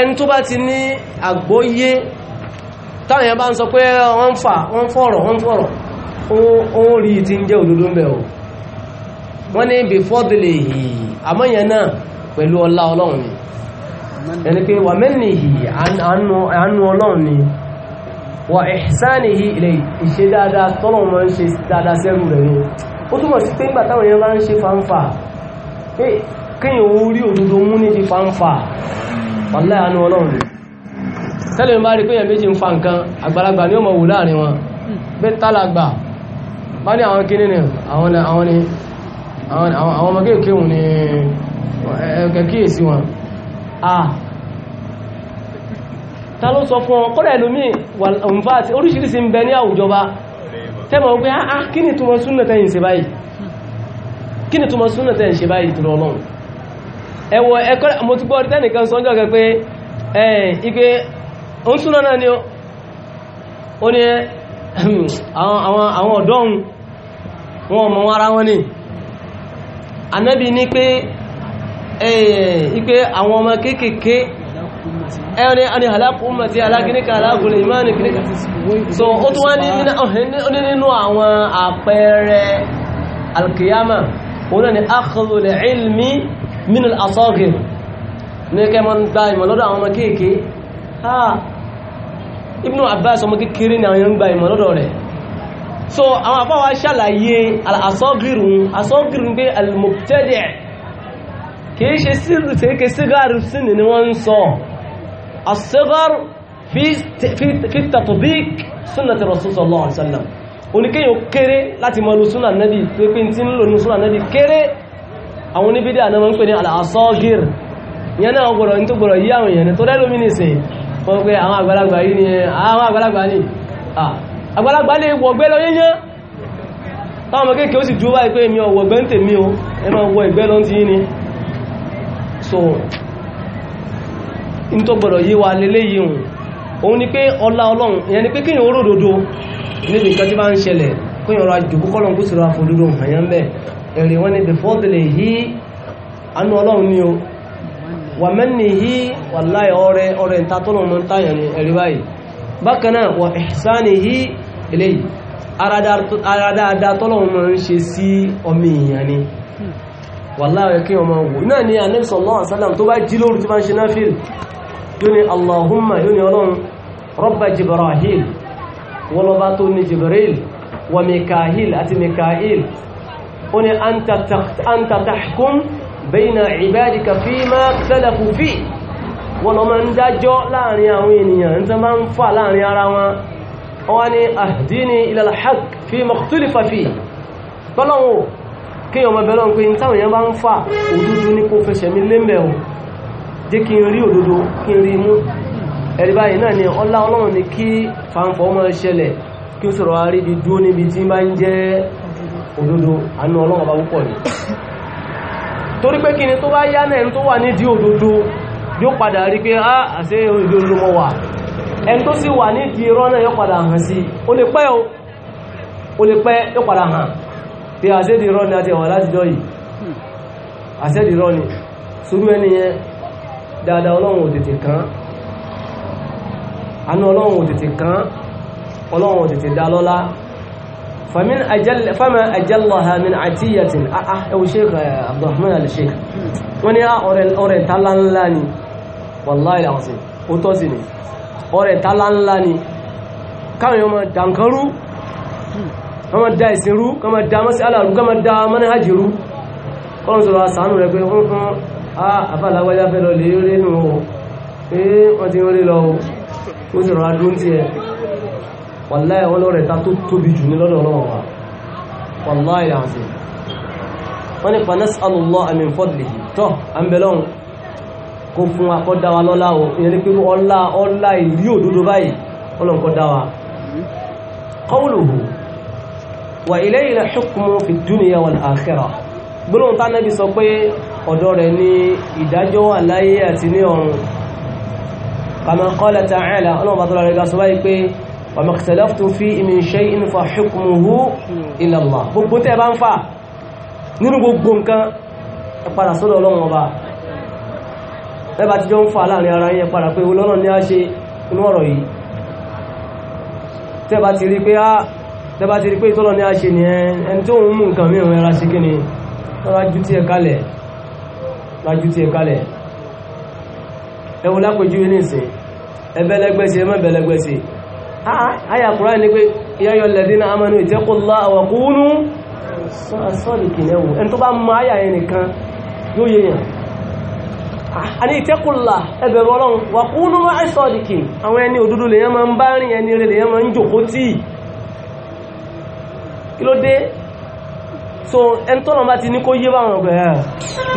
ẹni tó bá ti ní àgbóyé táwọn yẹn bá ń sọ pé wọ́n fà wọ́n fọ̀rọ̀ wọ́n fọ̀rọ̀ ó ń rí ti ń jẹ́ òdodo ń bẹ̀ o wọ́n ní before the lè yìí àmọ́ yẹn náà pẹ̀lú ọlá ọlọ́run ni ẹni wa wà mẹ́nìyí àánú ọlọ́run ni wa ihsanihi ilẹ̀ ise dada tọ́lọ̀ mọ́ ṣe dada sẹ́rù rẹ̀ ni ó túnmọ̀ sí pé ńgbà táwọn bá ń ṣe fanfa pé kéèyàn ó rí òdodo mú níbi fanfa wallahi àánú ni tẹ́lẹ̀ bá rí péyàn méjì ń fa nǹkan àgbàlagbà ni ó mọ̀ wò láàrin wọn bẹ́ẹ̀ tálàgbà bá ní àwọn ni àwọn ọmọ kéèké òun ni ẹ̀kẹ́ wọn ah ta ló sọ fún ọ kọ́lẹ̀ ẹlòmí wàlùmfà àti oríṣiríṣi ń bẹ ní àwùjọba tẹ́mọ̀ pé ah, ah kí ni túnmọ̀ súnà tẹ́yìn ṣe báyìí kí ni túnmọ̀ súnà tẹ́yìn ṣe báyìí tó lọ́nà ẹwọ ẹkọ́ mo ti gbọ́ tẹ́nìkan sọ́jọ́ kẹ pé ike ń súnà náà ni ó ní Eh, ipe àwọn ọmọ kéèkèé ẹni ẹni tí alágíníkà alágùnlẹ̀ ìmáàni kìníkà so ó tún wá ní nínú àwọn àpẹẹrẹ alkiyama ilmi min al ní kẹmọ́ gba ìmọ̀ àwọn ọmọ ha Ibn Abbas ọmọ kékeré ni àwọn ìrìngbà rẹ̀ so àwọn afọ́wà ṣàlàyé al pé al-mubtadi' kìí ṣe sírù tí kìí sígáàrù sínú ni wọ́n ń sọ asígáàrù fi tàtùbík súnà ti Rasul sallallahu alaihi wasallam oníkéyàn kéré láti mọ́ lùsúnà nẹ́bí tó pé tí ń lò lùsúnà nẹ́bí kéré àwọn oníbídí àná máa ń pè ní al-asagir ìyẹn náà gbọ́dọ̀ ní tó gbọ́dọ̀ yí àwọn èèyàn tó dẹ́lú mínísìn fún pé àwọn àgbàlagbà yìí ni àwọn àgbàlagbà ní àgbàlagbà lè so n tó gbọ́dọ̀ yé wa lélé yìí hùn òun ni pé ọlá ọlọ́run ìyẹn ni pé kíyàn oró òdodo níbi nǹkan tí bá ń ṣẹlẹ̀ kíyàn ọrọ̀ àjòkú kọ́lọ̀ kó sọ̀rọ̀ àfòdodo hàn yẹn bẹ́ẹ̀ èrè wọn ni bẹ̀fọ́dìlẹ̀ yìí anú o wà mẹ́ni yìí wà láì ọrẹ ọrẹ ìta tọ́nà ọmọ táyà ni ẹ̀rí báyìí bákan náà wà ìsáni yìí eléyìí ara dáadáa tọ́lọ̀ wàláhì ẹ̀kí ọmọ wò náà ni Ànábì sallallahu alaihi wasallam tó bá jí lóru tí bá ń ṣe náfíl yóò ní Allahumma yóò ní ọlọ́run Rabba Jibrahil wọlọba tó ní Jibril wa Mikahil àti Mikahil ó ní anta tahkum bayna ibadika fima ikhtalafu fi wọ́n lọ máa ń dájọ́ láàrin àwọn ènìyàn ń tán máa ń fà láàrin ara wọn wọ́n ni ahdini ila al-haqq fima ikhtalafa fi tọ́lọ́wọ́ kí ọmọ ẹbẹ̀ nke pé ní táwọn èèyàn bá ń fà òdodo ní kó mi o jẹ́ kí n rí òdodo kí n rí mú ẹ̀rí báyìí náà ni ọlá ọlọ́run ni kí fanfọ́ ọmọ ṣẹlẹ̀ kí ó sọ̀rọ̀ arí níbi tí bá ń jẹ́ àánú ọlọ́run púpọ̀ ni torí pé kí ni tó bá yá náà ẹni tó wà yóò padà rí pé á ah, àṣẹ pé àṣẹ́dìrọ́ ni àti ẹ̀wọ̀n látijọ́ yìí àṣẹ́dìrọ́ ni sùúrù ẹni yẹn dáadáa ọlọ́run ò tètè kàn án ọlọ́run ò tètè ọlọ́run ò dá lọ́lá فمن أجل فما أجلها من عتية أو شيخ عبد الرحمن الشيخ وني أورن أورن تلان لاني والله العظيم وتوزني أورن تلان لاني كم يوم دانكرو wọ́n máa da ìsìn rú kọ́ máa da mọ́sílá rú kọ́ máa da mọ́náhàjì rú kọ́rùn sọ̀rọ̀ àsánù rẹ̀ pé fún fún àfàlágbájá fẹ́ lọ lè rí nù ó pé wọ́n ti rí lọ ó sì rọra dún tiẹ̀ wàláì wọn lọ rẹ̀ ta tó tóbi jù ní lọ́dọ̀ ọlọ́wọ́ wa wàláì àti wọ́n ní panas wà ilé ìlẹ̀ ṣùkùnmù fi dúnìyà wal akhirah gbólóhùn tá nẹ́bí sọ pé ọ̀dọ̀ rẹ̀ ní ìdájọ́ wà láyé àti ní ọ̀run kama qala ta'ala ọlọ́run bá tọ́lá rẹ̀ gásọ́ báyìí pé wa ma ikhtalaftum fihi min shay'in fa hukmuhu ila Allah ti rí pé á ah, tẹ́bá ti rí pé ìtọ́lọ ní a ṣe ẹni tó ń mú nǹkan mìíràn ẹra ṣe kí ni rájú tí ẹ kalẹ̀ rájú tí ẹ kalẹ̀ ẹwọ lápẹjú nísìn ẹbẹ́lẹ́gbẹ́sì ẹmẹ́bẹ́lẹ́gbẹ́sì àyà kúrá ní pé yáyọ lẹ́dínà amánú ìtẹ́kùnlá àwọ̀kúnú sọ́ọ̀lìkì lẹ́wọ̀ ẹni tó bá mọ àyà yẹn nìkan yóò yẹ yàn àní ìtẹ́kùnlá ẹbẹ̀rọ ọlọ́run wàkúnú máa sọ́ọ̀lìkì àwọn ẹni òdodo lèyàn máa ń bá rìn ẹni rẹ̀ lèyàn máa ń jòkó tíì kí ló dé so ẹni tọ́nà bá ti ní kó yé báwọn ọgbẹ̀ ẹ̀ ah,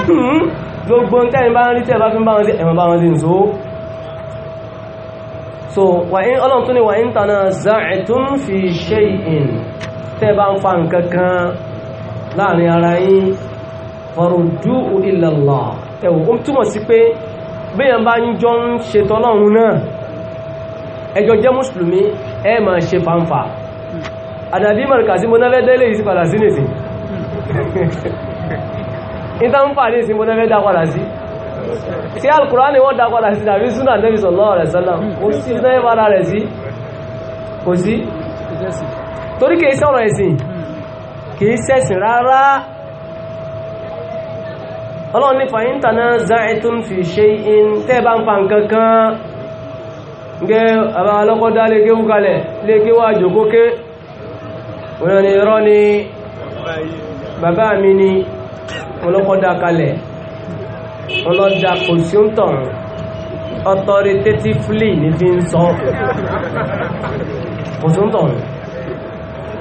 hmm, gbogbo ń tẹ́rin bá ń rí tẹ́ bá fi ń báwọn sí ẹ̀mọ̀ báwọn sí nìso so wàyín ọlọ́run tó ní wàyín tànà za'atun fi shay'in tẹ́ bá ń fa nǹkan kan láàrin ara yín farudu ila Allah ẹ̀wọ̀ ó túmọ̀ sí pé bẹ́yàn bá ń jọ ń ṣetọ́lọ́run náà ẹjọ́ jẹ́ mùsùlùmí ẹ máa ṣe fanfa àdàbí mọ̀rùkàsí mo náfẹ́ dẹ́lẹ̀ yìí sí padà si ita ìta ń pàdé sí mo náfẹ́ dá padà sí tí alkùránì wọ́n dá padà sí tàbí súnà Nábì sallallahu alaihi wasallam ó sí náà padà rẹ̀ sí kò sí torí kìí sọ̀rọ̀ ẹ̀sìn kìí sẹ́sìn rárá ọlọ́run fàyín tàná záìtún fi ṣe in tẹ́ bá ń fa nǹkan kan gẹ́ àbá ọlọ́kọ́ dá lé lé wọ́n ni irọ́ ni bàbá mi ni ọlọ́kọ́dá kalẹ̀ ọlọ́dá kò sí ń tàn authoritatively ní fi ń sọ kò sí ń tàn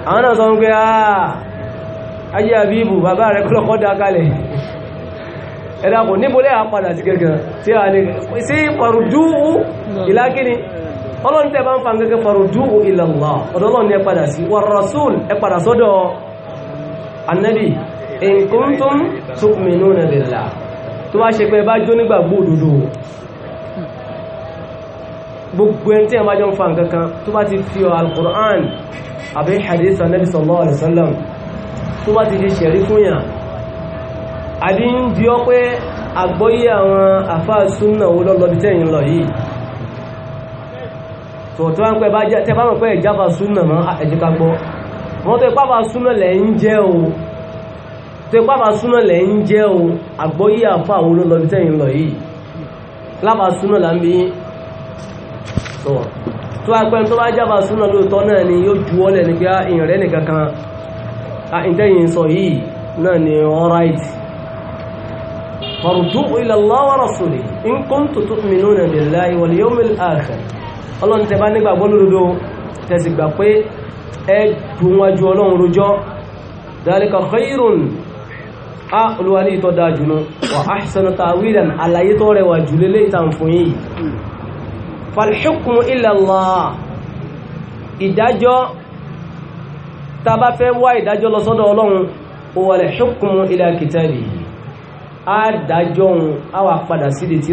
àwọn náà sọ ń pé àà ah, ayé àbíbù bàbá rẹ̀ kọ́lọ́kọ́dá kalẹ̀ ẹ̀dàkùn níbo lẹ́yà padà sí gẹ́gẹ́ tí a sí pàrùdú ìlákíní ọlọ́run tẹ́ bá ń fa gẹ́gẹ́ farudúhu ila Allah ọ̀dọ́lọ́run ní ẹ padà sí wa rasul ẹ padà sọ́dọ̀ annabi in kuntum tu'minuna billah tó bá ṣe pé bá jó nígbà gbóòdòdó gbogbo al-Qur'an àbí hadith anabi sallallahu alaihi wasallam tó bá ti di ṣẹ̀rí fún yàn àbí ń di tó tó wá ń pẹ́ bá jẹ́ tẹ́ bá mọ̀ pé ìjábà mọ́ gbọ́ wọ́n lẹ̀ ń jẹ́ o lẹ̀ ń jẹ́ o àwọn olólọ́bí tẹ́yìn lọ yìí lábà súnà là ń bí tó tó wá pẹ́ bá jábà lóòótọ́ náà ọlọ́run tẹ bá nígbàgbọ́ lódodo tẹ̀sí gbà pé ẹ dùn wájú ọlọ́run rojọ́ dhalika khairun á olúwa ní ìtọ́ dáa jùlọ wa ahsanu ta'wilan àlàyé tó rẹwà jùlọ lé ìtàn fún yìí fal hukmu illa Allah ìdájọ́ tá bá fẹ́ wá ìdájọ́ lọ sọ́dọ̀ ọlọ́run wà padà sí ìdí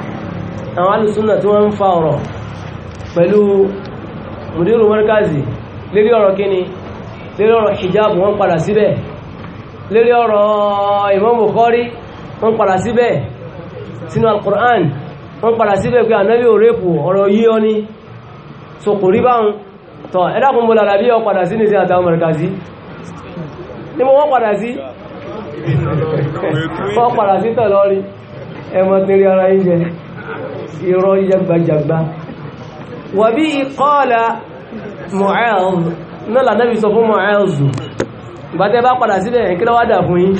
àwọn alùsùnà tí wọ́n ń fa ọ̀rọ̀ pẹ̀lú mùdírù mọ́ríkàzì lérí ọ̀rọ̀ kíni lérí ọ̀rọ̀ hijab wọ́n padà síbẹ̀ lérí ọ̀rọ̀ Imam Bukhari wọ́n padà síbẹ̀ sínú al-Qur'an wọ́n padà síbẹ̀ pé ànábì ò rẹ́pù ọ̀rọ̀ yí ọ ní so kò rí báhùn tọ́ ẹ̀dàkùn bọ́lá àbí ọ padà sí ní sí àtàwọn mọ̀ríkàzì ní mo wọ́n ara yín jẹ irọ́ jagbajagba wà bí ìkọ́ọ̀lá Mu'adh náà lànàbí sọ fún Mu'adh ìgbàtẹ́ bá ya sílẹ̀ ẹ̀kí lọ́wọ́ dà fún yín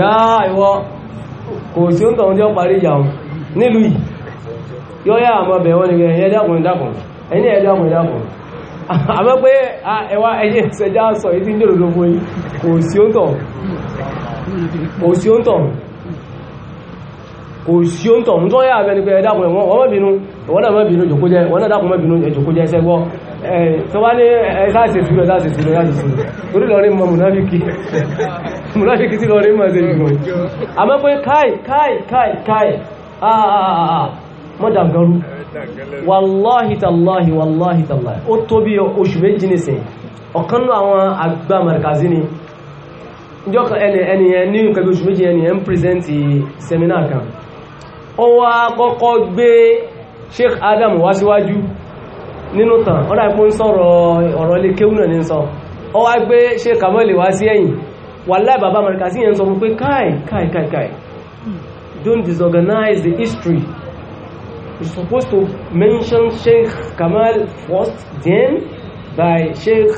yá ìwọ kò sí ń ya tí ó parí ìjà wọn ya yìí ya yá ya bẹ̀ wọ́n ni ẹ̀yìn ẹ̀dàkùn ẹ̀dàkùn kò sí oúntọ̀ mú tó yà bẹni pé ẹ̀dàkùn ẹ̀wọ̀n ọmọ bínú ìwọ́n náà mọ́bínú jòkó jẹ́ ìwọ́n náà dákùn mọ́bínú jòkó jẹ́ ẹsẹ́gbọ́ tó wá ní ẹ̀sáàsì ìsúrò ẹ̀sáàsì ìsúrò ẹ̀sáàsì ìsúrò torí lọ mọ mùnáfíkì mùnáfíkì sí lọ rí sí ìgbìmọ̀ àmọ́ pé káì káì káì káì mọ́dàgọ́rú wàláhì tàláhì wàláhì tàláhì ó tó oṣù méjì nìsẹ̀ ọ̀kan náà àwọn àgbà mọ̀rẹ̀kazí ni ìjọ́ ní nǹkan bí oṣù méjì ẹni ń pírẹsẹ́ntì sẹ́mínà kan ó wá gbé Sheikh Adam wá síwájú nínú tàn ọ́nà ìpó ń sọ̀rọ̀ ọ̀rọ̀ lè kéwù ní sọ ó gbé Sheikh Kamali wá sí ẹ̀yìn wallahi bàbá amẹ́ríkà sí yẹn sọ fún káì káì káì káì don't disorganize the history you're supposed to mention Sheikh Kamal first then by Sheikh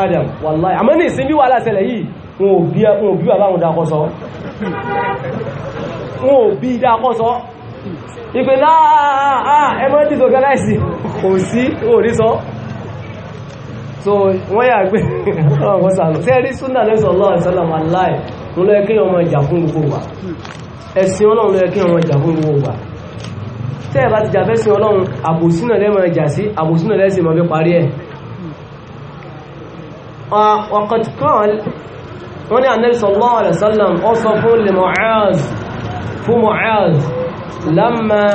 Adam wallahi àmọ́ ní ìsinmi wà láṣẹlẹ̀ yìí wọn ò bí bàbá wọn dákọ́ sọ wọn ò bí dákọ́ sọ ìpè láàá ah, ẹmọ́ disorganize kò sí orí sọ so wọ́n yà pé ọ̀pọ̀ sàánù tẹ́ rí súnà lẹ́sọ̀ lọ́wọ́ ìsọ́lọ́mà láì ń lọ ẹkẹ́ ọmọ ìjà fún gbogbo wa ẹ̀sìn ọlọ́run lọ ẹkẹ́ ọmọ ìjà fún gbogbo wa tẹ́ ẹ̀ bá ti jàfẹ́ sin ọlọ́run àbòsínà lẹ́mọ̀ ìjà sí àbòsínà lẹ́sìn mọ́ bí parí ẹ̀ وقد قال هنا النبي صلى الله عليه وسلم أصف لمعاذ فمعاذ لما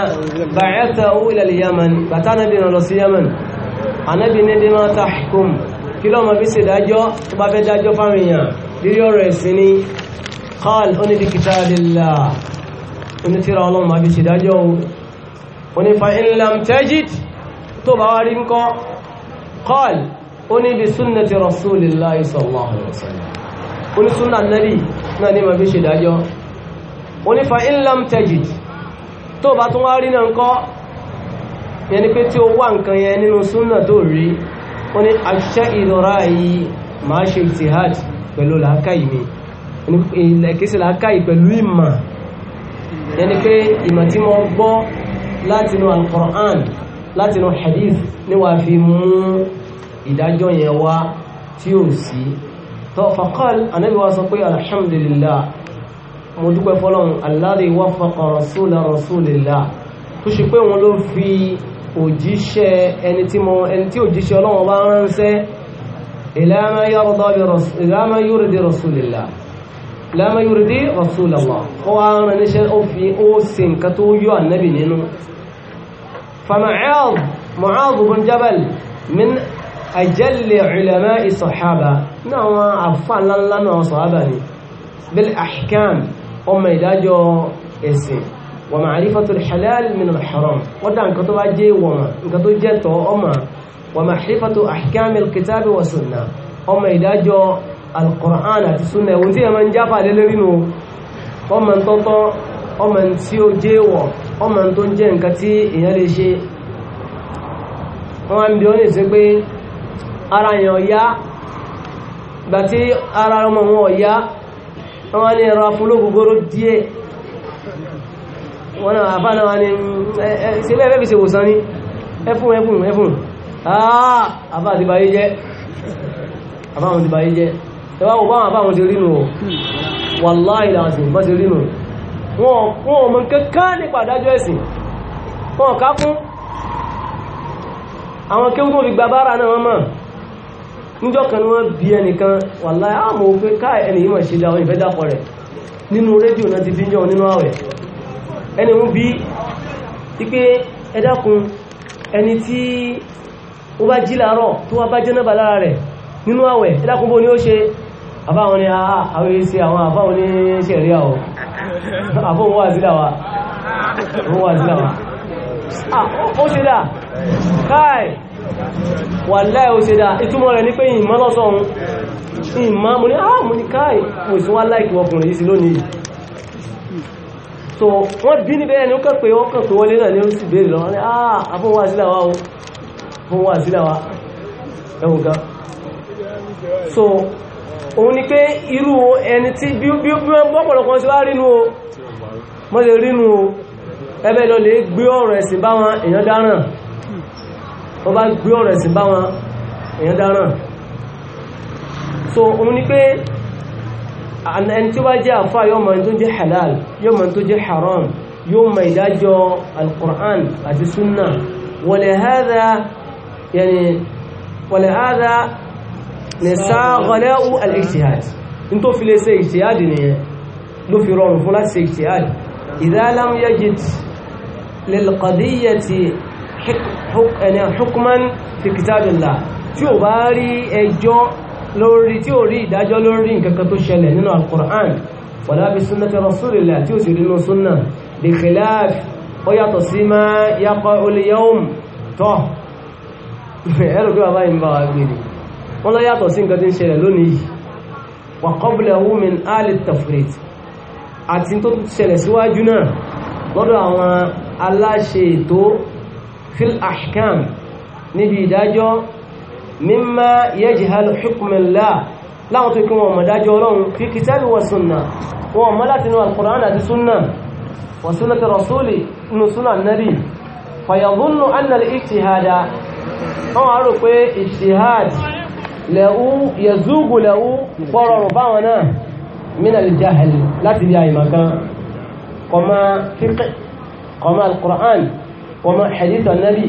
بعثه إلى اليمن بعثنا بين لسي اليمن أنا بني بما تحكم كل ما بيسي داجو تبابي داجو فاميا ليو رسيني قال أني بكتاب الله أني ترى الله ما بيسي داجو أني فإن لم تجد تباري قال أني بسنة رسول الله صلى الله عليه وسلم أني سنة النبي ناني ما بيسي داجو أني فإن لم تجد tó bá tún wá rí náà ń kọ́ yẹn ni pé tí ó wà nǹkan yẹn nínú súnà tó rí wọ́n ní àṣìṣẹ́ ìrọ̀rá yìí máa ṣe ìtìhad pẹ̀lú làákàyè mi ìlẹ̀kẹ́sì làákàyè pẹ̀lú ìmọ̀ yẹn ni pé ìmọ̀ tí mo gbọ́ látinú al-Qur'an látinú hadith níwà fi mú ìdájọ́ yẹn wá tí ó sí tó faqal sọ pé alhamdulillah mo dúpẹ́ fọ́lọ́run alladhi waffaqa rasula rasulillah tó ṣe pé wọn ló fi òjíṣẹ́ ẹni tí mo ẹni tí òjíṣẹ́ ọlọ́wọ́n bá ránṣẹ́ ila ma yarda bi rasul ila ma yurdi rasulillah ila ma yurdi rasulillah ó wá ránṣẹ́ ó fi ó sì nǹkan جبل من أجل علماء الصحابة نوع عفان لنا صحابة بالأحكام ọmọ ìdájọ́ ẹ̀sìn wa ma'rifatul halal minal haram wọ́n dá nǹkan tó bá jẹ́ wọ̀mà nǹkan tó jẹ́ tọ́ ọmọ wa ma'rifatu ahkamil kitabi wa sunna ọmọ ìdájọ́ al-Qur'an àti sunna ẹ̀wọ̀n tí ẹ máa ń jáfà lé lórí nu ọmọ tọ́tọ́ ọmọ wọ́n ní ẹ̀rọ afúnlógógóró díẹ̀ wọ́n náà àbá náà ní ìṣẹ́lẹ̀ ẹ̀fẹ́ ìṣẹ́ òsàn ní ẹfún ẹfún ẹfún àbá àdìbáyé jẹ́ àbá àwọn àdìbáyé jẹ́ ẹwà wọ́n báwọn àbá àwọn ti rínú wàláhì láàzì bá ti rínú wọn ọmọ kankan nípa àdájọ́ ẹ̀sìn wọn ká fún àwọn kéwú tó fi gbàbára náà wọ́n mọ̀ níjọ́ kan ní wọ́n bí ẹnìkan wàláhí àmọ́ ah, pé ká ẹni yìí mọ̀ ṣe dáwọn ìfẹ́ dàpọ̀ rẹ̀ nínú rédíò náà ti bíjọ́ nínú àwẹ̀ ẹni mú bí ipé ẹ dákun ẹni tí ó bá jí láàárọ̀ tó wá bá jẹ́nàbà lára rẹ̀ nínú àwẹ̀ ẹ dákun bó ni ó ṣe àbáwọn ni ah, ah, wà láì ìtumọ̀ rẹ̀ ní pé ìmọ́ lọ́sọ̀hún ìmọ́ mo ní àwọn ah, ní káì kò wá láìkì ọkùnrin yìí sí lónìí so wọ́n bí ní bẹ́ẹ̀ ni ó kẹ́pẹ́ ó kẹ́pẹ́ wọlé náà ní ó sì béèrè lọ́wọ́ ah, òun ni pé irú ẹni tí bí ọ̀pọ̀lọpọ̀ sí wá rínú o mọ́ wọ́n bá gbé ọ̀rọ̀ ẹ̀sìn bá wọn èèyàn dáràn so òun ni pé ẹni tí ó bá jẹ́ àfáà yóò mọ ẹni tó jẹ́ halal yóò mọ ẹni tó jẹ́ haram yóò mọ ìdájọ́ alquran àti sunna wàlẹ̀hádá yẹni wàlẹ̀hádá ni sáàgọ́lẹ́wù al-ijtihad ní tó fi lè ṣe ijtihad nìyẹn ló fi rọrùn fún láti ṣe ijtihad idha lam yajid hukman fi kitabillah tí ò bá rí ẹjọ́ lórí tí ò rí ìdájọ́ lórí nǹkankan tó ṣẹlẹ̀ nínú al-Qur'an wala bi sunnati rasulillah tí ò sì rí nínú súnnà bi khilaf ó yàtọ̀ sí ma yaqa'ul yawm tọ́ ẹ̀rù bí bàbá yìí bá wà gbèrè wọ́n lọ yàtọ̀ sí nǹkan tí ń ṣẹlẹ̀ lónìí ètò fil ahkam níbi ìdájọ́ mímá yajhalu hukmillah láwọn tó kí wọn mọ̀ dájọ́ ọlọ́run fi kitabi wa sunnah wọn mọ́ láti inú al-Qur'an àti sunnah wa sunnati rasuli inú sunnah nabi fayadhunnu anna al-ijtihada wọ́n wá rò pé ijtihad lẹ́ú yẹzúgù lẹ́ú pọ́rọrùn báwọn náà mínà lè jáhẹ̀lì láti bí àìmọ̀kan kọmá fiqh kọmá al wọ́n mọ́ hadith anabi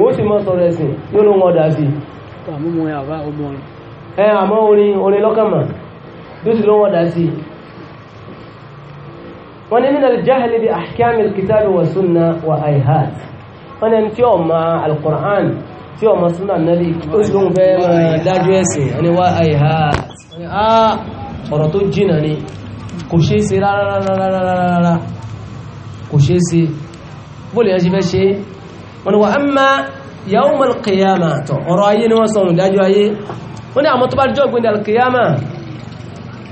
wọ́n sì mọ́ sọ̀rọ̀ ẹ̀sìn yóò ló ń ọ̀dà sí ẹ àmọ́ orin orin lọ́kànmà yóò sì ló ń ọ̀dà sí wọ́n ní min al-jahli bi ahkam al-kitab wa sunna wa ayhat wọ́n ní tí ó ma al-Qur'an tí ó ma sunna anabi ó sì lóun fẹ́ máa dájú ẹ̀sìn ẹni wa ayhat ọ̀rọ̀ tó bóòlù yẹn ṣe fẹ́ ṣe wọn wà amma yawmal qiyama tọ̀ ọ̀rọ̀ ayé ni wọ́n sọ ọ̀rùn dájú ayé wọ́n ní àwọn tó bá jọ ìgbìndà alkiyama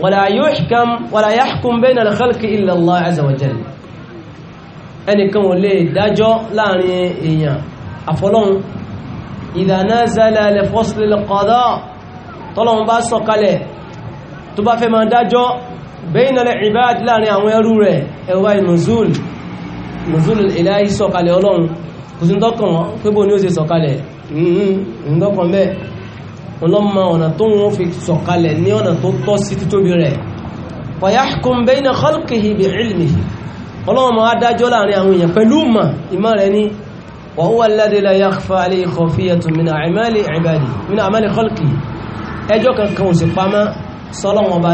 wala yuhkam wala yahkum bayna al-khalqi illa Allah azza wa jalla ẹnìkan ò lè dájọ́ láàrin èèyàn àfọlọ́hun idha nazala li fasli tó bá fẹ́ máa dájọ́ bayna al-ibad láàrin àwọn ẹrú rẹ̀ ẹwà nuzul nùzúlù ìláyí sọ̀kalẹ̀ ọlọ́run kò sí tọ́kàn pébò ní ó ṣe sọ̀kalẹ̀ ǹdọ́kàn mm-hmm. bẹ́ẹ̀ ọlọ́mọ ọ̀nà tó wọ́n fi sọ̀kalẹ̀ ní ọ̀nà tó tọ́ sí títóbi rẹ̀ fa yahkum bayna khalqihi bi ilmihi ọlọ́run máa dájọ́ láàrin àwọn èèyàn pẹ̀lú mà ìmọ̀ rẹ̀ ní wa huwa alladhi la yakhfa alayhi khafiyatun min a'mali ibadihi min a'mali khalqihi ẹjọ́ kankan ò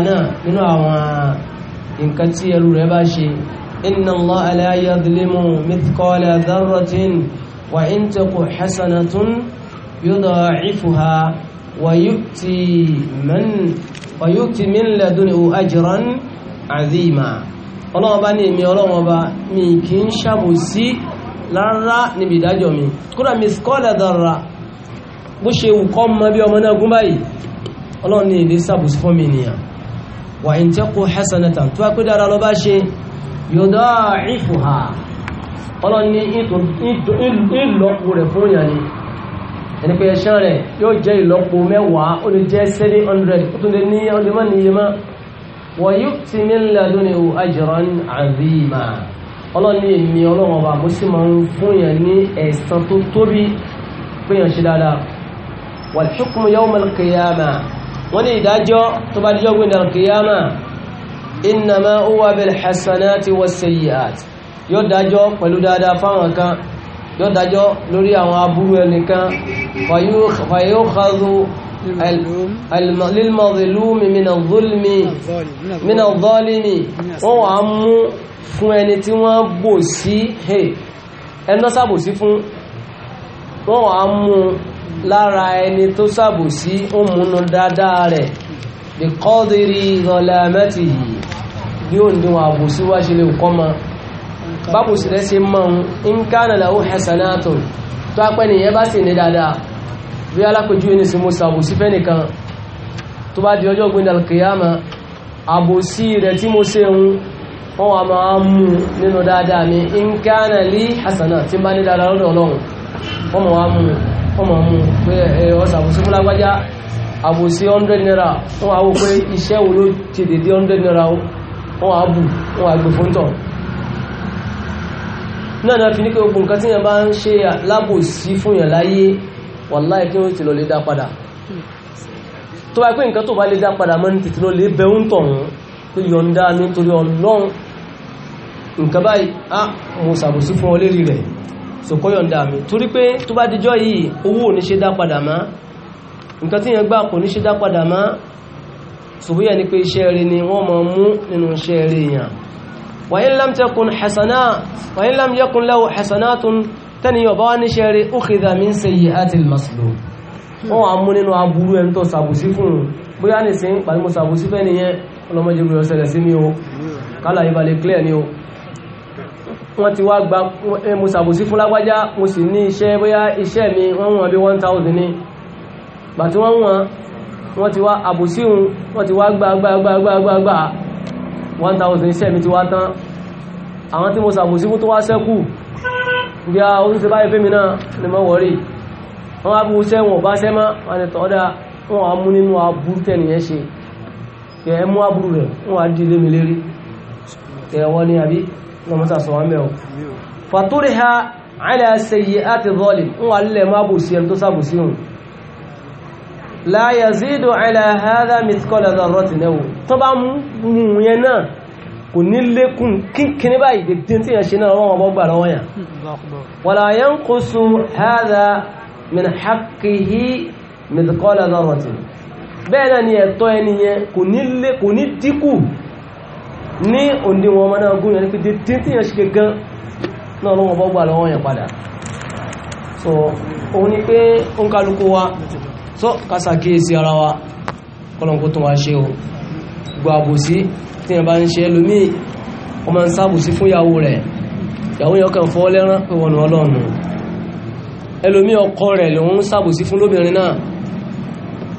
nǹkan tí ẹrú rẹ̀ bá ṣe إن الله لا يظلم مثقال ذرة وإن تك حسنة يضاعفها ويؤتي من ويؤتي من لدنه أجرا عظيما ọlọ́wọ́ bá ní èmi ọlọ́wọ́ bá mi kì ń ṣàbòsí lára níbi ìdájọ́ mi kúrò miss kọ́lẹ̀ dára bó ṣe wùkọ́ mọ́ bí ọmọ náà gún báyìí ọlọ́wọ́ ní èdè ṣàbòsí fún mi nìyàn wà ń tẹ́kù hasanatan tó wá pé dára lọ bá ṣe yọ̀dá ìfòhà ọlọ́run ní ìlọ́pù rẹ̀ fún ìyàn ni ẹni pé ẹ̀ṣẹ́ rẹ̀ yóò jẹ́ ìlọ́pù mẹ́wàá ó lè jẹ́ 700 ó tún lè ní ọdún mọ́ ní yẹmọ́ wọ́n yóò ti ní lẹ́dún ní ajran azima ọlọ́run ní èmi ọlọ́run ọba mo sì máa ń fún ìyàn innama huwa bil hasanati was sayyi'at yóò dájọ́ pẹ̀lú dáadáa fáwọn kan yóò dájọ́ lórí àwọn aburú ẹnìkan fayókàzú lilmọ̀dìlúmi minadọ́lími wọ́n wà mú fún ẹni tí wọ́n bò sí ẹnà sàbòsí fún wọ́n wà mú lára ẹni tó sàbòsí ó múnú dáadáa rẹ̀ bí kọ́dìrí ìrànlámẹ́tì yìí bí ó ń dínwà àbòsí wá ṣe lè kọ́ ma bábòsí rẹ̀ sí mọ́ ń kánà láwọ́ hasanatu tó apẹ́ nìyẹn bá sì ní dáadáa bí alákojú ní sí musa àbòsí fẹ́ nìkan tó bá di ọjọ́ gbin alkiyama àbòsí 100 naira wọ́n wá wó pé iṣẹ́ wo ló ti dédé 100 naira wọ́n wá bù wọ́n wá gbé fóńtọ̀ náà náà fi ní pé ogun nǹkan tí yẹn bá ń ṣe lábòsí fún yẹn láyé wàláì kí wọ́n ti lọ lè dá padà tó bá pé nǹkan tó bá lè dá padà mọ́ ní tètè lọ lè bẹ̀rún tọ̀hún pé yọ̀ǹda mi ọlọ́run nǹkan báyìí á mo ṣàbòsí fún ọ lérí rẹ̀ sòkó yọ̀ǹda mi torí pé tó bá dijọ́ yìí owó ò ní ṣe dá padà mọ́ nǹkan tí yẹn gbà kò ní ṣe dá padà má ṣùgbọ́n yẹn ni pé iṣẹ́ rẹ̀ ni wọ́n máa mú nínú iṣẹ́ rẹ̀ yẹn wàyí lam tẹkùn hasana wàyí lam yẹkùn lẹ́wọ̀ hasana tún tẹ́ni yọba wá ní ṣẹ́rẹ̀ ókèdà mi ń se yìí àti maslo wọ́n wà mú nínú aburú ẹni tó sàbùsí fún bóyá ní ti wá gba mo fún lágbájá mo sì ní iṣẹ́ bóyá iṣẹ́ mi wọ́n wọ́n bí 1000 ni bàtí wọ́n wọ́n wọ́n ti wá àbòsíhun wọ́n ti wá gbàgbàgbàgbàgbà 1000 iṣẹ́ mi ti wá tán àwọn tí mo sàbòsíhun tó wá sẹ́kù bí a ó ń ṣe báyìí fẹ́mi náà ni mọ́ wọ́rí wọ́n wá bú iṣẹ́ wọn bá ṣẹ́ mọ́ wọ́n ti tọ́ọ́dá wọ́n wá mú nínú aburú tẹ́nìyẹn ṣe kẹ ẹ mú aburú rẹ̀ wọ́n ha àìlẹ́ ṣe yìí wọ́n wá lílẹ̀ má ẹni tó sàbòsíhun la yazidu ala hadha mithqala dharratin ẹ̀wò tó bá mú yẹn náà kò ní lékún kíkíní báyìí dédé tí yẹn ṣe náà wọ́n bọ́ gbà lọ́wọ́ yẹn wala yanqusu hadha min haqqihi mithqala dharratin bẹ́ẹ̀ náà ni ẹ̀tọ́ ẹni yẹn kò ní so kásàkíyèsí ara wa kọ́lọ̀kọ́ tó wá ṣe o gbọ́ àbòsí tí ẹ bá ń ṣe ẹlòmí o ma ń sábòsí fún ìyàwó rẹ̀ ìyàwó yọ kàn fọ́ lẹ́rán pé wọ́n ọlọ́nu ẹlòmí ọkọ rẹ̀ ló ń sábòsí fún lóbìnrin náà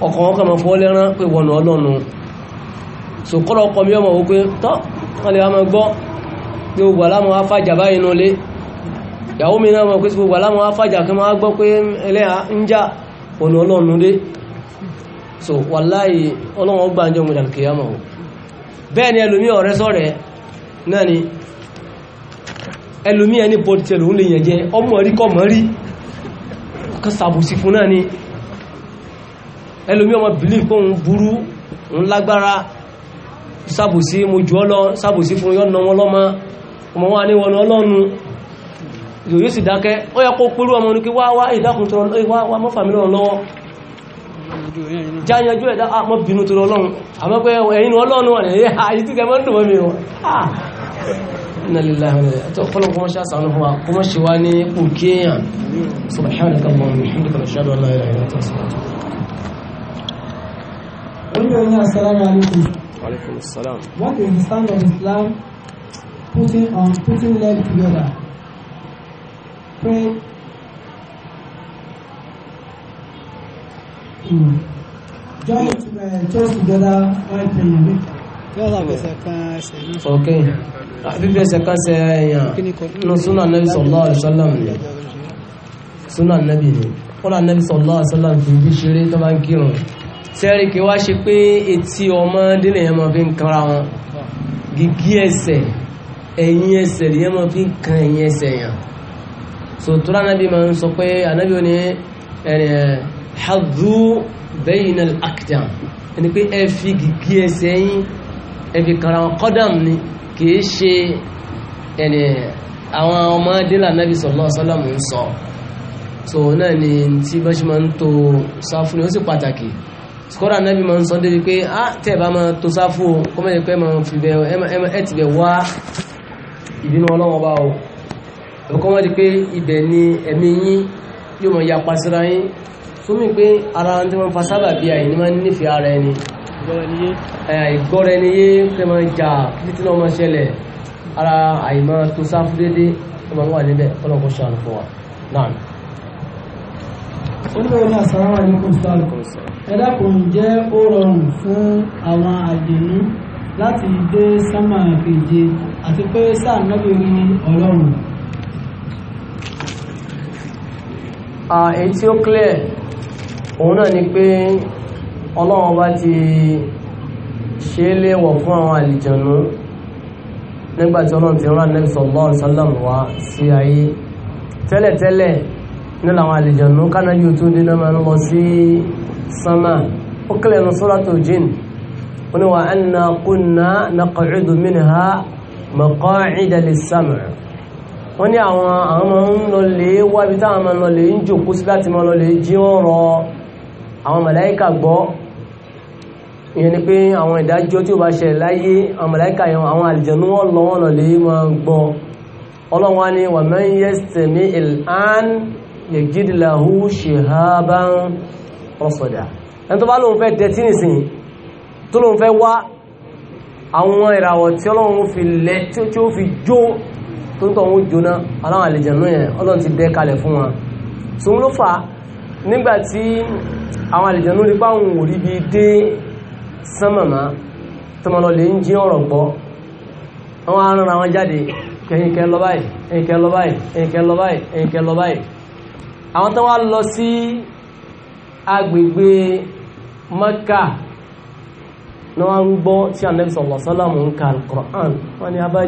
ọkọ wọn kàn fọ́ lẹ́rán pé wọ́n ọlọ́nu so kọ́lọ̀kọ́ mi ọmọ wípé tọ́ wọ́n lè máa gbọ́ pé gbogbo alámọ̀ afájà báyìí nulẹ̀ ìyàwó mi náà mọ̀ pé gbogbo alámọ̀ afájà kí á gbọ́ pé ẹlẹ́yà ń já onu ọlọ́run dé so wàláyé ọlọ́run ọgbà ń jọ mú ìdàlùkè yá mọ̀ bẹ́ẹ̀ ni ẹlòmí ọ̀rẹ́ sọ̀rẹ́ náà ni ẹlòmí ẹni pọ̀tẹ̀lù ń lè yẹn jẹ ọmọ rí rí fún náà ọmọ bìlì burú ń lágbára yóò sì dákẹ́ ó yẹ kó pẹ̀lú ọmọ ní kí wá wá ìdákùn tọrọ wá wá mọ́fàmí lọ́rọ̀ lọ́wọ́ jáyanjú ẹ̀dá àmọ́ ah, bínú tọrọ ọlọ́run àmọ́ pé ẹ̀yìn ọlọ́run wà nìyẹn àyí ah, tí kẹmọ́ dùn mí wọn nàlélàhùn ẹ̀tọ́ fọ́lọ̀ kọmọ́ ṣàṣàánú fún wa kọmọ́ ṣe wá What do you understand of Islam putting on putting leg together pé join it just together right thing ok fífi ẹsẹ̀ kan ṣe èèyàn nínú súnà nẹ́bí sallallahu alaihi wasallam ni súnà nẹ́bí ni kọ́lá sallallahu alaihi wasallam fi bí ṣeré tó bá ń kírun sẹ́rí kí wá ṣe pé etí ọmọdé lèyàn máa fi ń kanra so tura anabi máa ń sọ pé anabi ò ní ẹni eh, hadhu bayna al-aqdam ẹni pé ẹ fi gìgí ẹsẹ̀ yín ni kìí ṣe ẹni àwọn ọmọdé lànàbì sallallahu alaihi wasallam ń so náà ni tí bá ṣe máa ń to sáfù ni ó sì pàtàkì sọ́dọ̀ anábì máa ń sọ débi pé á ah, tẹ́ bá máa tó sáfù o kọ́mẹ́lẹ́pẹ́ máa fi bẹ́ẹ̀ ẹ ti bẹ̀ wá ìbínú ọlọ́wọ́ bá o ẹ̀kọ́ wọ́n di pé ibẹ̀ ni ẹ̀mí yín yóò mọ̀ yapa síra yín súnmí pé ara tí wọ́n fa sábà bí àyìn ní máa ń nífẹ̀ẹ́ ara ẹni ìgbọ́ra ẹni yé pé máa jà títí náà máa ṣẹlẹ̀ ara àìmọ́ tó sáfú dédé tó máa wà níbẹ̀ ọlọ́kọ̀ ṣàánú fún wa náà olóòrùn àsàrànwà ní coastal ẹ̀dàkùn jẹ́ ó rọrùn fún àwọn àjẹ̀nú láti dé sámà kejì àti pé sáà náà ọlọ́run èyí tí ó clear òun náà ni pé ọlọ́run bá ti ṣe é léwọ̀ fún àwọn àlìjànú nígbàtí ọlọ́run ti rán Nabi sallallahu alaihi wasallam wá sí ayé tẹ́lẹ̀tẹ́lẹ̀ ní làwọn àlìjànú kánájú tó dé náà máa ń lọ sí sánmà ó kílẹ̀ ní suratul jinn ó ní wa anna kunna naq'udu minha maq'ida lis wọ́n ní àwọn àwọn ń lọ lè wábi táwọn ọmọ lọ lè ń jòkó sí láti mọ́ lọ lè jí ọ̀rọ̀ àwọn màláíkà gbọ́ ìyẹn ni pé àwọn ìdájọ́ tí ó bá ṣẹlẹ̀ láyé àwọn màláíkà yẹn àwọn àlìjẹ̀nú wọ́n lọ wọ́n fi lẹ́ tí ó fi jó tó ń tọ́ wọn jóná aláwọn àlejànú ti dẹ́ kalẹ̀ fún wa so ń ló fà nígbà tí àwọn bi dé sánmàmá tọmọlọ lè ń jí ọ̀rọ̀ gbọ́ àwọn arìnrìn àwọn jáde kẹyìnkẹ lọ báyìí ẹyìnkẹ lọ báyìí ẹyìnkẹ lọ báyìí ẹyìnkẹ lọ àwọn tó lọ sí agbègbè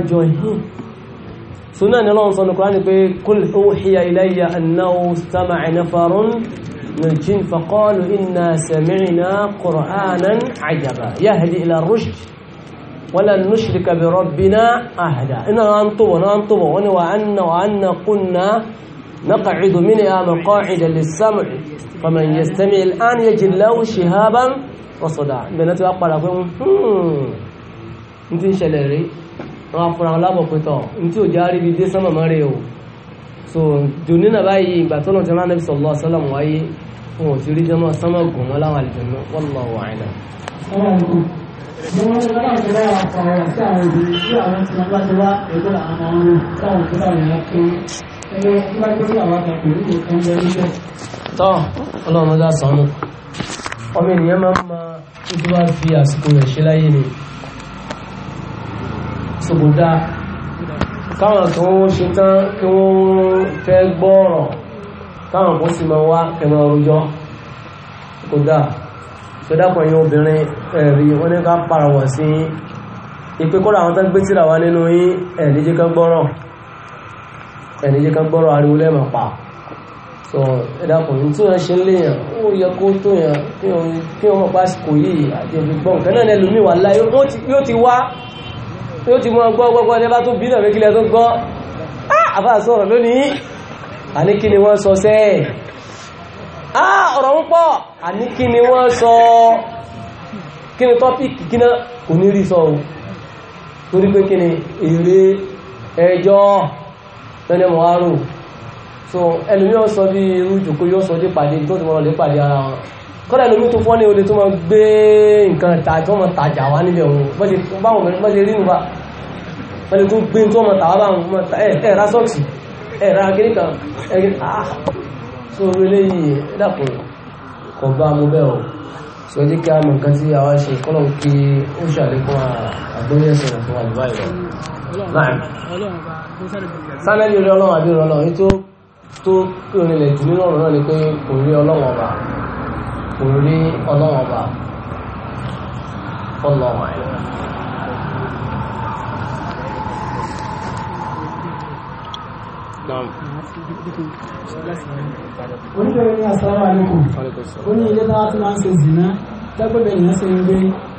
tí ń سنن الله نلون صنع القرآن قل أوحي إلي أنه استمع نفر من الجن فقالوا إنا سمعنا قرآنا عجبا يهدي إلى الرشد ولن نشرك بربنا أهدا إنا أنطبوا أنا أنطبوا وانا وأن وأن قلنا نقعد منها مقاعد للسمع فمن يستمع الآن يجد له شهابا وصدا بنت أقبل أقول أنت شلري wọn afúnra wọn lábọ̀ pẹ́tọ̀ ní tí ò já rí bí dé sánmà mọ́ rẹ̀ o so dùnú náà báyìí ìgbà tó lọ́n ti rán Ànábì sallallahu alaihi wasallam wáyé wọn ò ti rí jẹ́mọ́ sánmà gùn wọn láwọn àlejò náà wallahu a'lam. tọ́ ọlọ́run dá sọ́nù ọmọ ènìyàn máa ń ma ojú wa fi àsìkò rẹ̀ ṣe láyé ni sòkòdá káwọn tó ń ṣe tán kí wọ́n fẹ́ gbọ́ọ̀rọ̀ káwọn kó sì máa wá kẹmọ̀ ọjọ́ kódà ìṣẹ́dàpọ̀ yín obìnrin ẹ̀rí wọ́n ní ká parawọ̀ sí ìpé kọ́lá àwọn tó gbé síra wá nínú yín ẹ̀níjẹ́ so ẹ̀dàpọ̀ yín tí wọ́n ṣe ń léyàn ó yẹ kó tó yàn kí wọ́n mọ̀ pásìkò yìí àti ìgbọ̀n kan náà lẹ́lòmíwà tó ti mọ́ gbọ́ gbọ́gbọ́ ní bá tó bí náà méjìlẹ̀ tó gbọ́ ah, àbá sọ̀rọ̀ lónìí àní kí ni wọ́n sọ sẹ́ ah ọ̀rọ̀ ń pọ̀ àní kí ni wọ́n sọ kí ni tọ́pìkì kí náà kò ní rí sọ torí pé kí ni èrè ẹjọ́ so ẹlùmí ó sọ bí irú jùkú yóò sọ dé pàdé tó ti mọ́rọ̀ lé pàdé ara wọn kọ́lá ẹlùmí tó fọ́ ní olè tó máa gbé nǹkan tàà tó máa tàjà wá níbẹ̀ òun bọ́n rí nù wọ́n lè kó gbé tó ọmọ tàwà báwọn ẹ̀rá sọ́ọ̀sì ẹ̀rá akẹ́ríkà ah. ẹ̀rí so eléyìí dàpọ̀ kọ bá mú bẹ́ẹ̀ o so ẹjí kí a mọ̀ nǹkan tí a wá ṣe kọ́lọ̀ kí ó ṣàlékún àgbóyẹ̀sìn fún àdúrà ìlọ sánẹ́lì rí ọlọ́run àbí rí ni pé kò rí ọlọ́run ọba kò rí ọlọ́run ọba oníbẹ̀rẹ̀ ní asàlámù àlékún ó ní ilé táwa tí wọ́n ń ṣe zìnà tẹ́gbẹ̀bẹ̀ ènìyàn ṣe ń gbé